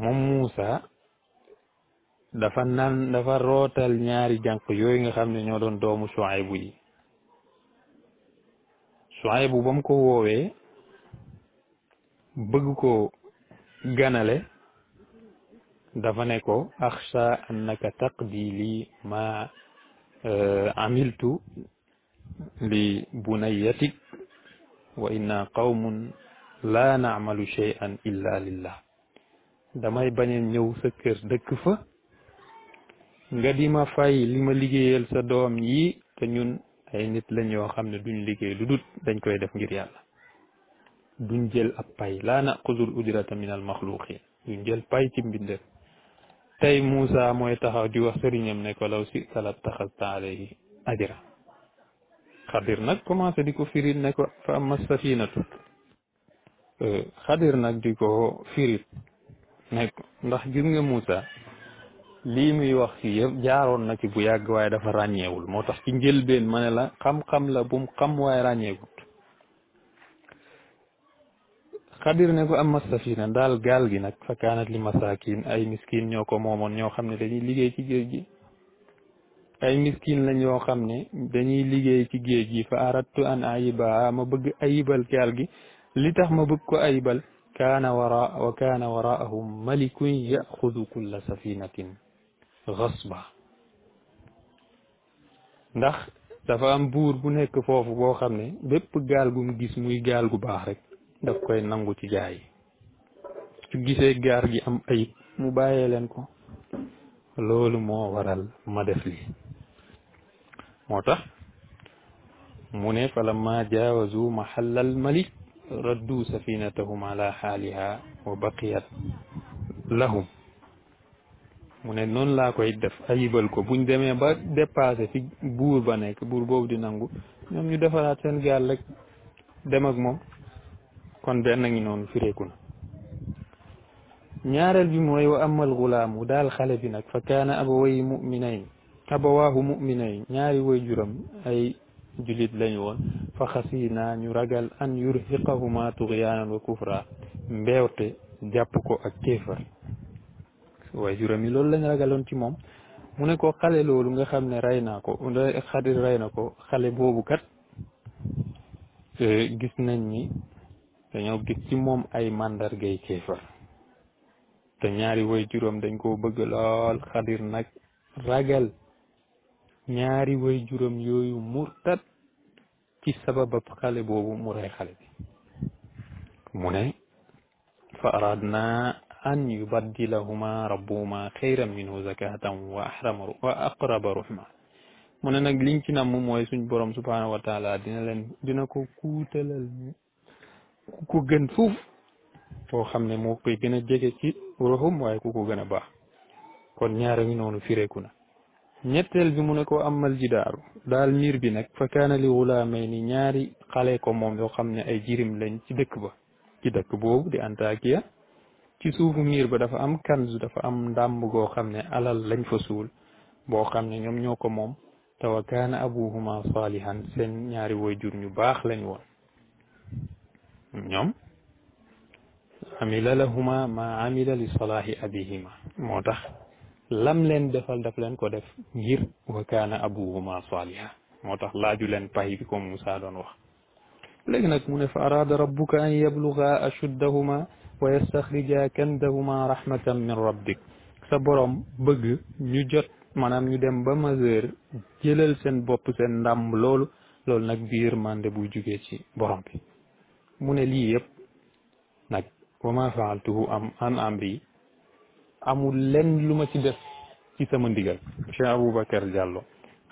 moom Muusa dafa naan dafa rootal ñaari jànq yooyu nga xam ne ñoo doon doomu Suaybu yi Suaybu ba mu ko woowee bëgg ko ganale dafa ne ko axsa annaka taqdi li ma euh, amiltu li bunayatik wa inna qawmun laa naamalu shay'an illa lillah damay bañ a ñëw sa kër dëkk fa nga di ma fay li ma liggéeyel sa doom yi te ñun ay nit lañ yoo xam ne duñ liggéey lu dut dañ koy def ngir yàlla duñ jël ab pay laa naxusul ujrata min al maxluqin duñ jël pay ci mbindeef tey Moussa mooy taxaw di wax sëriñam ne ko law si talat taxasta ajra xadir nag commencé di ko firil ne ko fa amma safinatu xadir nag di ko firit nekk ndax gis nga Moussa lii muy wax fii yëpp jaaroon na ci bu yàgg waaye dafa ràññeewul moo tax ci njëlbeen ma ne la xam-xam la bum xam waaye ràññeewut xadir ne ko am safina daal gaal gi nag fa kaanat li ay miskin ñoo ko moomoon ñoo xam ne dañuy liggéey ci géej gi ay lañ yoo xam ne dañuy liggéey ci gi fa arattu an ayiba ma bëgg ayibal gaal gi li tax ma bëgg ko ayibal kaana wara wa kaana waraahum malikun yaxudu kulla safinatin gasba ndax dafa am buur bu nekk foofu boo xam ne bépp gaal gum gis muy gaal gu baax rek daf koy nangu ci jaay su gisee gaar gi am ayib mu bàyyee leen ko loolu moo waral ma def li moo tax mu ne falamma jaawazu mahallal malik raddu safinatahum ala xaaliha wa baqiyat lahum mu ne noonu laa koy def ayibal ko buñ demee ba dépassé fi buur ba nekk buur boobu di nangu ñoom ñu defaraat seen gaal rek dem ak moom kon benn ngi noonu fireeku na ñaareel bi mooy wa amal gulaamu daal xale bi nag fa kaana abaway muminayn abawaahu muminayn ñaari way juram ay julit lañu woon fa xasiina ñu ragal an yurhiqahuma tughyanan wa kufra mbeewte jàpp ko ak kéefar waaye juróomi loolu lañ ragaloon ci moom mu ne ko xale loolu nga xam ne rey naa ko xadir rey na ko xale boobu kat e, gis nañ ni dañoo gis ci moom ay màndargay kéefar te ñaari way juróom dañ ko bëgg lool xadir nag ragal ñaari way juróom yooyu murtat ci sababab xale boobu mu rey xale bi mu ne fa aradna an yubaddilahuma rabbuhuma xayran minhu zakatan wa axrama ruxma mu ne nag liñ ci namm mooy suñ borom subhanahu wa dina leen dina ko kuutalal ku ko gën fuuf koo xam ne moo koy gën a jege ci ruxum waaye ku ko gën a baax kon ñaara ngi noonu fireeku na ñetteel bi mu ne ko amal jidaaru daal miir bi nag fa kaana li xulaamay ni ñaari xale ko moom yoo xam ne ay jirim lañ ci dëkk ba ci dëkk boobu di Antakiya ci suufu miir ba dafa am kanzu dafa am ndàmb goo xam ne alal lañ fa suul boo xam ne ñoom ñoo ko moom te wa kaana abuhuma saalihan seen ñaari waajur ñu baax lañ woon ñoom amila lahuma ma amila salaahi abihima moo tax lam leen defal daf leen ko def ngir wa kaana abuhuma saliha moo tax laaju leen pay bi ko Moussa doon wax léegi nag mu ne fa araada rabbuka an yabluga ashuddahuma wa yastaxrija kandahuma rahmatan min rabbik sa boroom bëgg ñu jot maanaam ñu dem ba majeur jëlal seen bopp seen ndam loolu loolu nag biir mande bu jugee ci borom bi mu ne lii yëpp nag wa ma faaltuhu am an amri amul lenn lu ma ci def ci sama ndigal Cheikh Aboubacar jàlloo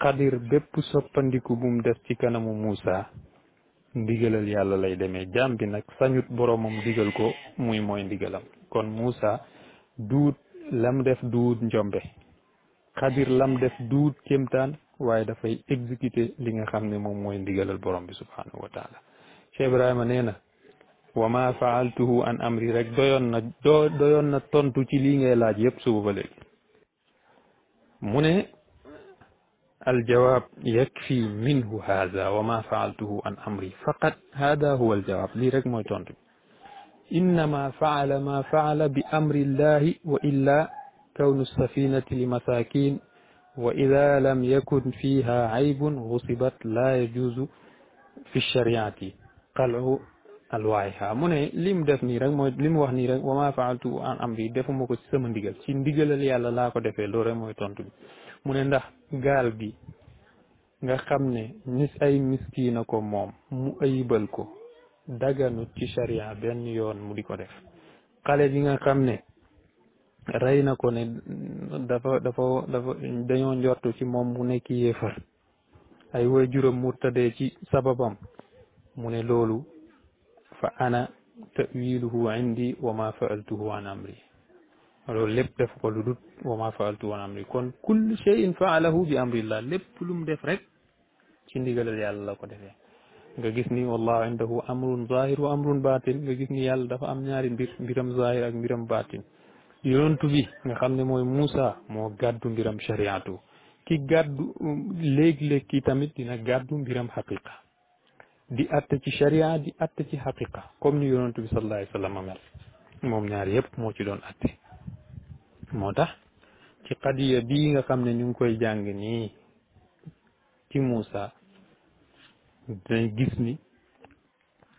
xadir bépp soppandiku bu mu def ci kanamu Moussa ndigalal yàlla lay demee jaam bi nag sañut boromam digal ko muy mooy ndigalam kon Moussa duut lam def duut njombe xadir lam def duut kémtaan waaye dafay exécuter li nga xam ne moom mooy ndigalal borom bi subhanahu wa taala Cheikh Ibrahima nee wa ma faaltuhu an amri rek doyoon na doo doyoon na tontu ci lii ngay laaj yëpp suba ba léegi mu ne aljawaab yakfi minhu haada wa ma faaltuhu an amri faqat haada huwa aljawaab lii rek mooy tontu bi innama faala ma faala bi amri illahi wa illa kawnu safinati li masakin wa ida lam yakun fiha aybun gusibat la yajuzu fi shariati qal'u alwayha mu ne li mu def nii rek mooy li mu wax nii rek wama faaltu an am bi defuma ko ci sama ndigal ci ndigalal yàlla laa ko defee loolu rek mooy tontu bi mu ne ndax gaal gi nga xam ne mis ay miskiina ko moom mu ayibal ko daganut ci charia benn yoon mu di ko def xale bi nga xam ne rey na ko ne dafa dafa dañoo njortu ci moom mu nekk yéefar ay waajuram mu tëddee ci sababam mu ne loolu fa ana tawiluhu wa ma faaltuhu an amri kon kullu shay'in faalahu bi amrillah lépp lu mu def rek ci ndigalal yàlla la ko defee nga gis ni wallahu indahu wa amrun batin nga gis ni yàlla dafa am ñaari mbir mbiram zahir ak mbiram batin yonentu bi nga xam ne mooy Moussa moo gàddu mbiram shariatu ki gàddu léeg-léeg ki tamit dina gàddu mbiram haqiqa di atte ci sharia di atte ci xaqiqa comme ni yonent bi sallallahu alayhi wa sallam mel moom ñaar yëpp moo ci doon atte moo tax ci qadiya bii nga xam ne ñu ngi koy jàng nii ci Moussa dinañ gis ni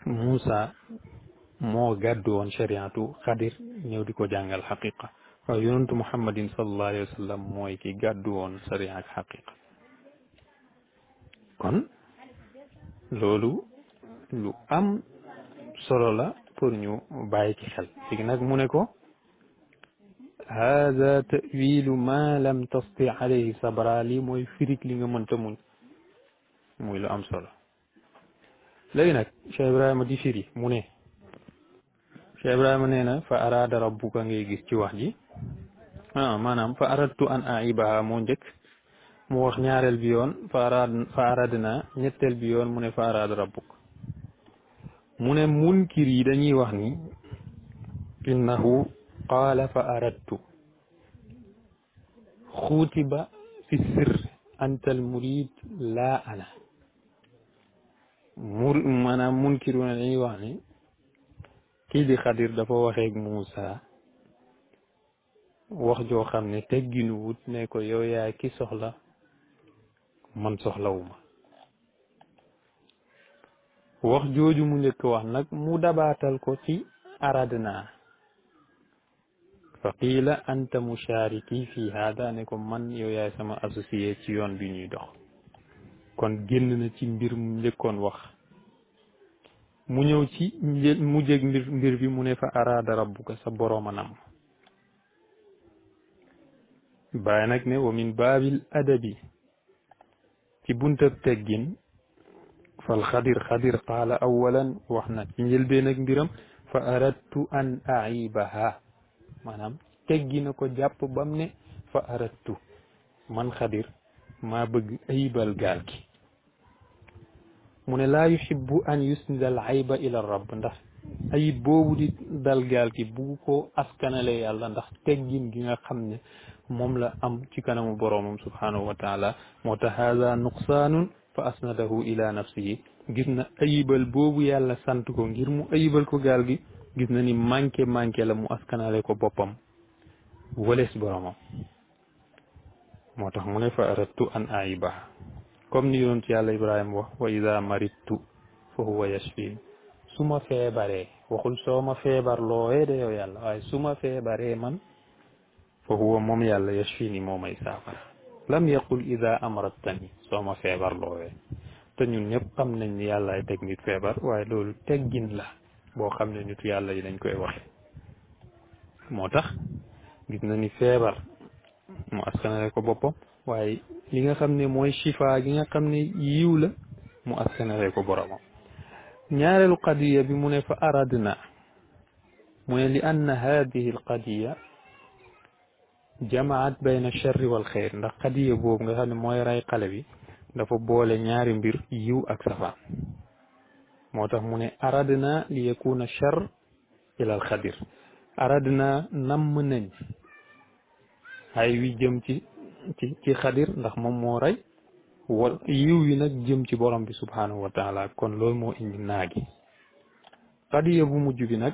Moussa moo gàddu woon shariatu xadir ñëw di ko jàngal xaqiqa waaye yonentu Muhammadin sallallahu alayhi wa sallam mooy ki gàddu woon sharia ak xaqiqa kon loolu lu am solo la pour ñu bàyyi ci xel léegi nag mu ne ko hada tawilu ma lam tasti alayhi sabra li mooy firig li nga mënta muñ muy lu am solo léegi nag Cheikh Ibrahima di firi mu ne Cheikh Ibrahima nee na fa araada rabbuka ngay gis ci wax ji ah maanaam fa aradtu an aibaha moo njëkk mu wax ñaareel bi fa araad fa aradna ñetteel bi yoon mu ne fa araad rabbuk mu ne munkir yi dañuy wax ni innahu qaala fa aradtu xuutiba fi sir anta al murid laa ana mu maanaam munkiruna dañuy wax ni kii di xadir dafa waxeeg Muusa wax joo xam ne tegginuwut ne ko yow ki soxla man soxlawuma wax jooju mu njëkk wax nag mu dabaatal ko ci aradna fa qiila anta mushariki fi hada ne ko man yow yaay sama associé ci yoon bi ñuy dox kon génn na ci mbir mu njëkkoon wax mu ñëw ci mu jég mbir mbir bi mu ne fa araada rabbuka sa borooma nam bàyyi nag ne wa min baabil adabi ci buntab teggin fal xadir xadir qaala awalan wax na ci njëlbeen ak mbiram fa aradtu an aibaha maanaam teggi na ko jàpp bam ne fa aradtu man xadir maa bëgg ayibal gaal gi mu ne laa yuhibbu an yusnida al ayba ila rabb ndax ayib boobu di dal gaal gi bu ko askanale yàlla ndax teggin gi nga xam ne moom la am ci kanamu boroomam subhanahu wa taala moo tax haada nuqsaanun fa asnadahu ila nafsihi gis na ayibal boobu yàlla sant ko ngir mu ayibal ko gaal gi gis na ni manqué manqué la mu askanale ko boppam walees boroomam moo tax mu ne fa aradtu an ayibaha comme ni yonent yàlla ibrahima wax wa ida marittu fa huwa yashfin su ma feebaree waxul soo ma feebar looyee de yow yàlla waaye su ma feebaree man fa huwa moom yàlla yashfi ni moo may saafara lam yaqul ida amrattani soo ma feebar loo te ñun ñëpp xam nañ ni yàllaay teg nit feebar waaye loolu teggin la boo xam ne nitu yàlla yi dañ koy waxe moo tax gis na ni feebar mu askanale ko boppam waaye li nga xam ne mooy shifa gi nga xam ne yiw la mu askanale ko boromam ñaareelu qadiya bi mu ne fa aradna mu ne li anna hadihi alqadiya jamaat bayna sharri wal xeyr ndax xadiya boobu nga xam ne mooy ray xale bi dafa boole ñaari mbir yiw ak safaan moo tax mu ne aradna li yakuna shar ilal xadir aradna namm nañ ay wi jëm ci ci xadir ndax moom moo rey wal yiw yi nag jëm ci borom bi subhanahu wa taala kon loolu moo indi naagi xadiya bu mujj bi nag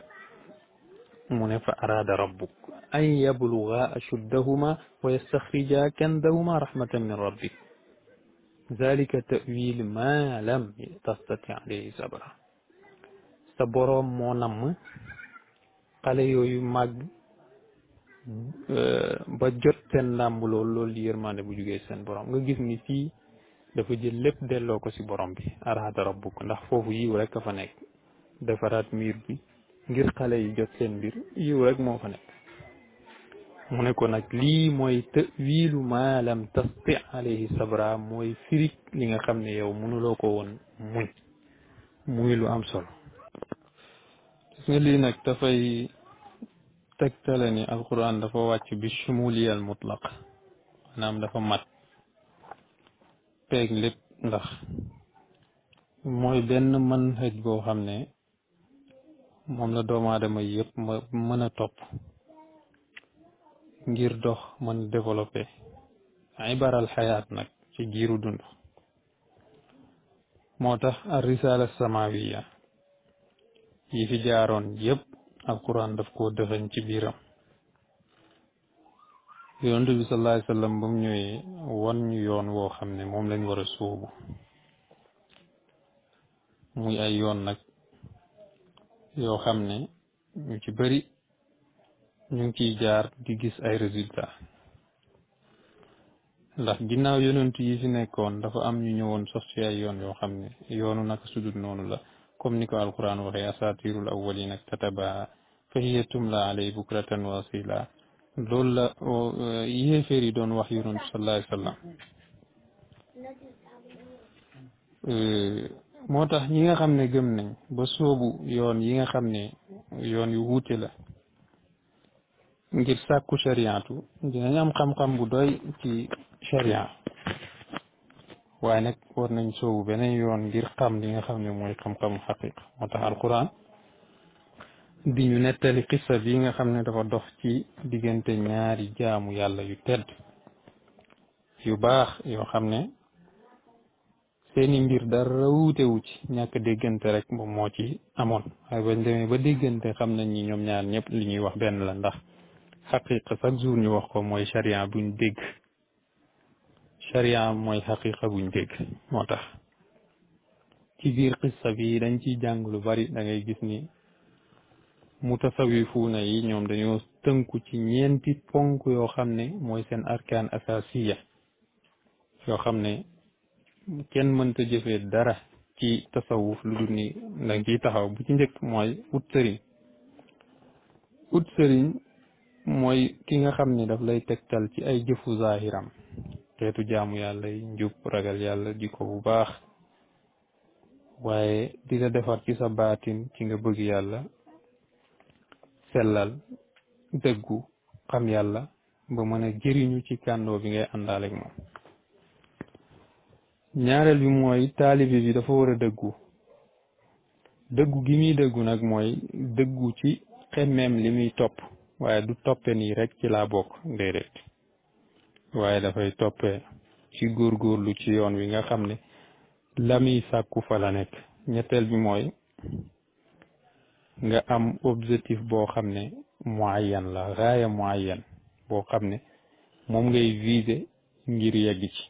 mu ne fa araada rabbuk an yabluga ashuddahuma wa yastaxrija kandahuma rahmatan min rabbik zalika tawil ma tastati alayhi sabra sa boroom moo namm xale yooyu mag euh, ba jot seen ndàmb lool loolu di yërmande bu jugee seen borom nga gis ni fii dafa jël lépp delloo ko si borom bi araada rabbuk ndax foofu yiw rek a fa nekk defaraat miir bi ngir xale yi jot seen mbir yiw rek moo fa nekk mu ne ko nag lii mooy tëwiilu maa lam tasti alayhi sabra mooy firig li nga xam ne yow mënuloo ko woon muñ muy lu am solo gis nga lii nag dafay tegtale ni alquran dafa wàcc bi shumuliya al mutlaq maanaam dafa mat peeg lépp ndax mooy benn man manhaj boo xam ne moom la doomadama aadama ma mën a topp ngir dox mën développé ibaral xayaat nag ci giiru dund moo tax ar risala ya yi fi jaaroon yëpp alquran daf koo dëxañ ci biiram yonent bi sallallahu alayhi wasallam ba mu ñëwee wan yoon woo xam ne moom lañ war a suubu muy ay yoon nag yoo xam ne ñu ci bëri ñu ngi ciy jaar di gis ay résultat ndax ginnaaw yonent yi fi nekkoon dafa am ñu ñëwoon sos ci ay yoon yoo xam ne yoonu naka sudul noonu la comme ni ko alquran waxee asatirul awwalin ak tatabaha fa hiya tumla alay bukratan wasila loolu la e, yéeféer yi doon wax yonent sallallahu alayhi moo tax ñi nga xam ne gëm nañ ba soobu yoon yi nga xam ne yoon yu wuute la ngir sàkku shariatu dinañ am xam-xam bu doy ci sharia waaye nag war nañ sóobu beneen yoon ngir xam li nga xam ne mooy xam-xamu xaqiqa moo tax alquran biñu ñu nettali xissa bi nga xam ne dafa dox ci diggante ñaari jaamu yàlla yu tedd yu baax yoo xam ne seeni mbir dara wuute ci ñàkk déggante rek moom moo ci amoon waaye bañ demee ba déggante xam nañ ñoom ñaar ñëpp li ñuy wax benn la ndax xaqiqa chaque jour ñu wax ko mooy charia buñ dégg charia mooy xaqiqa buñ dégg moo tax ci biir xissa bi dañ ciy jàng lu bari dangay gis ni mu mutasawifuuna yi ñoom dañoo tënku ci ñeenti ponk yoo xam ne mooy seen arkaan asasiya yoo xam ne kenn mënta jëfe dara ci tasawuf lu dul ni danga ciy taxaw bu ci njëkk mooy ut sëriñ ut sëriñ mooy ki nga xam ni daf lay tegtal ci ay jëfu zaahiram xeetu jaamu yàlla yi njub ragal yàlla jikko bu baax waaye di la defar ci sa baatin ci nga bëgg yàlla sellal dëggu xam yàlla ba mën a jëriñu ci kàndoo bi ngay àndaaleeg moom ñaareel bi mooy taalibe bi dafa war a dëggu dëggu gi muy dëggu nag mooy dëggu ci xemmeem li muy topp waaye du toppe nii rekk ci laa bokk déedéet waaye dafay toppe ci góorgóorlu ci yoon wi nga xam ne la muy sàkku fa la nekk ñetteel bi mooy nga am objectif boo xam ne moyen la raaya moyen boo xam ne moom ngay viser ngir yegg ci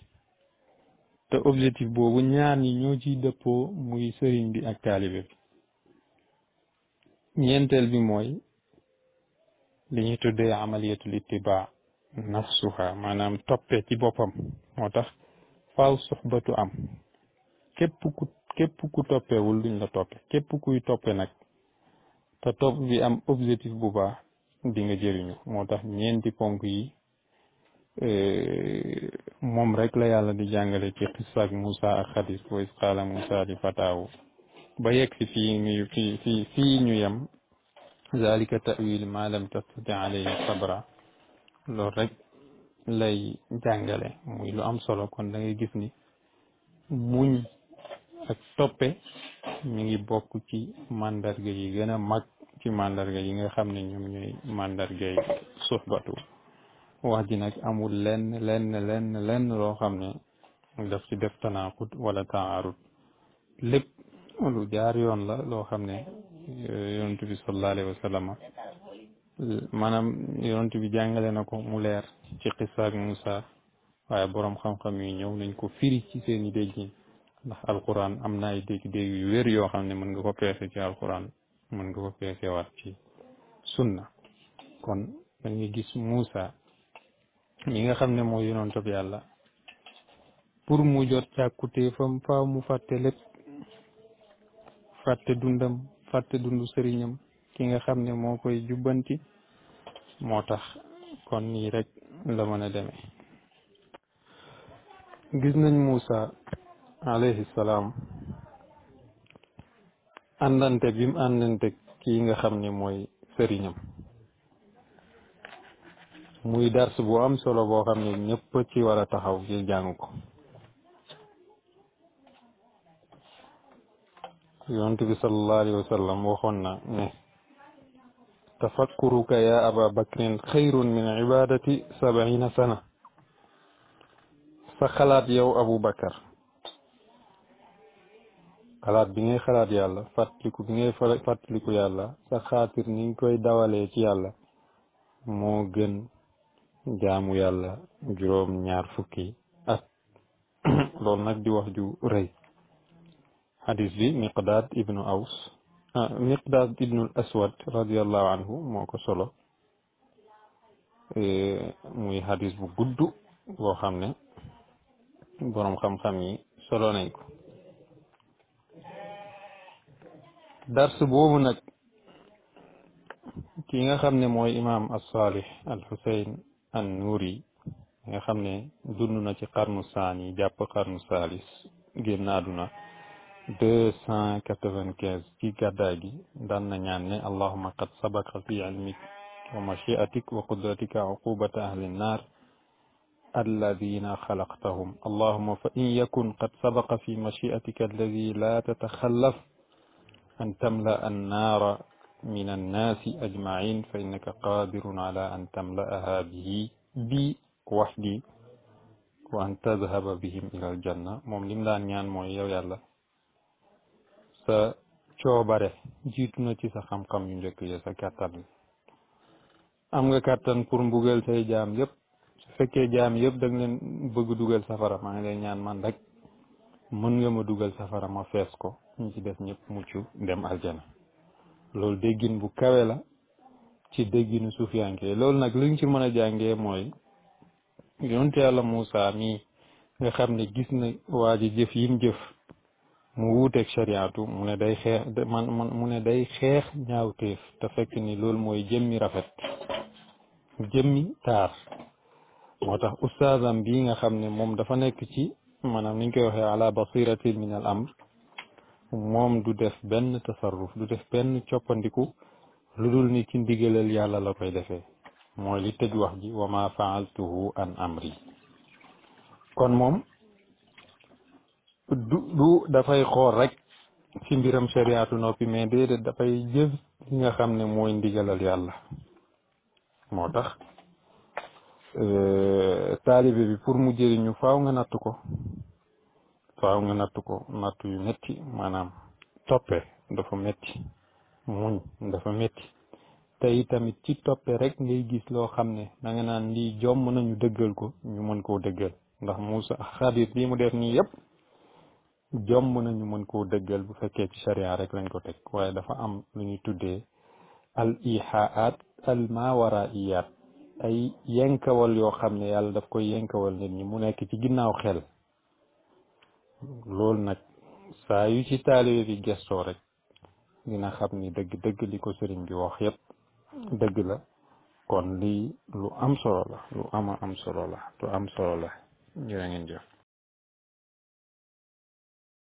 te objectif boobu ñaar ñi ñoo ciy dëppoo muy sëriñ bi ak taalibe bi ñeenteel bi mooy li ñuy tuddee amaliyatul ittiba nafsuha maanaam toppe ci boppam moo tax faw soxbatu am képp ku képp ku la toppe képp kuy toppe nag te topp bi am objectif bu baax di nga jëriñu moo tax ñeenti ponk yi Eh, moom rek la yàlla di jàngale ci xisaak Moussa ak xadis wa is qaala Moussa li fataawu ba yegg si fii ñu fii fii ñu yem zalika tawil ma lam tastati alayhi sabra loolu rek lay jàngale muy lu am solo kon da gis ni muñ ak toppe mi ngi bokk ci mandarga yi gën a mag ci mandarga yi nga xam ne ñoom ñooy mandargay suxbatu wax ji nag amul lenn lenn lenn lenn loo xam ne daf ci def tanaqut wala taarut lépp lu jaar yoon la loo xam ne eh, yonent bi sallallahu alayhi wa sallam maanaam yonent bi jàngale na ko mu leer ci xisaak Moussa waaye boroom xam-xam yi ñëw nañ ko firi ci seeni dégg ndax alquran am na ay dégg-dégg yu wér yoo xam ne mën nga ko peese ci alquran mën nga ko peesewaat ci sunna kon da nga gis Moussa yi nga xam ne moo yonantob yàlla pour mu jot càkkutéefam faaw mu fàtte lépp fàtte dundam fàtte dundu sëriñam ki nga xam ne moo koy jubbanti moo tax kon nii rek la mën a demee gis nañ musa alayhi salaam àndante bi mu àndante nga xam ne mooy sëriñam muy dars bu am solo boo xam ne ñëpp ci war taxaw ci jàng ko yonent bi sallallahu alayhi wa waxoon na ne tafakkuruka ya aba bakrin xayrun min ibadati sabaina sana sa xalaat yow abu bakar xalaat bi ngay xalaat yàlla fàttaliku bi ngay fàttaliku yàlla sa xaatir ni koy dawalee ci yàlla moo gën jaamu yàlla juróom ñaar fukki at loolu nag di wax ju rëy bi miqdaad ibnu aws ah, miqdaad ibnu aswad radiallahu anhu moo ko solo eh, muy xadis bu gudd boo xam ne boroom xam-xam yi solo nañ ko dars boobu nag ki nga xam ne mooy imaam as-salih al-husayn an nuri nga xam ne dund na ci xarnu saan yi jàpp xarnu saalis génn àdduna deux cent quatre-vingt-quinze ci gàddaay gi daan na ñaan ne allahuma qad sabaqa fi ilmik wa machiatik wa qudratika uqubata ahli nnar الذين خلقتهم اللهم فإن يكن قد سبق في مشيئتك الذي لا تتخلف أن تملأ النار min annaasi ajmain fa innaka qadirun ala an tamla'aha bihi bi waxdi wa an tadhaba bihim ila aljanna moom lim daan ñaan mooy yow yàlla sa coobare jiitu na ci sa xam-xam yu njëkk ya sa kàttan am nga kàttan pour mbugal say jaam yëpp fekkee jaam yëpp da nga leen bëgg dugal safara maa ngi ñaan man rek mën nga ma dugal safara ma fees ko ñu ci des ñëpp mucc dem aljana loolu déggin bu kawe la ci dégginu suufiyanke loolu nag liñ ci mën a jàngee mooy yonte yàlla Moussa mii nga xam ne gis na waa ji jëf yim jëf mu wuuteeg chariatu mu ne day xeex man man mu ne day xeex ñaawteef te fekk ni loolu mooy jëmmi rafet jëmmi taar moo tax ustaazam bii nga xam ne moom dafa nekk ci maanaam niñ koy waxee ala basiratin min al amr moom du def benn tasarruf du def benn coppandiku lu dul ni ci ndigalal yàlla la koy defee mooy li tëj wax ji wa ma faaltuhu an amri kon moom du dafay xool rek ci mbiram shariatu noppi mais déedéet dafay jëf nga xam ne mooy ndigalal yàlla moo tax euh, taalibe bi pour mu jëriñu faw nga natt ko faaw nga natt ko natt yu métti maanaam toppe dafa métti muñ dafa métti tey tamit ci toppe rek ngay gis loo xam ne da nga naan lii jomm nañu dëggal ko ñu mën koo dëggal ndax Moussa xadir lii mu def nii yëpp jomm nañu mën koo dëggal bu fekkee ci charia rek lañ ko teg waaye dafa am lu ñuy tuddee al ihaat al mawaraiyaat ay yenkawal yoo xam ne yàlla daf koy yenkawal nit ñi mu nekk ci ginnaaw xel loolu nag saa yu ci taalibe bi gestoo rek dina xam ni dëgg-dëgg li ko sëriñ bi wax yépp dëgg la kon lii lu am solo la lu ama am solo la lu am solo la jërë ngeen jëf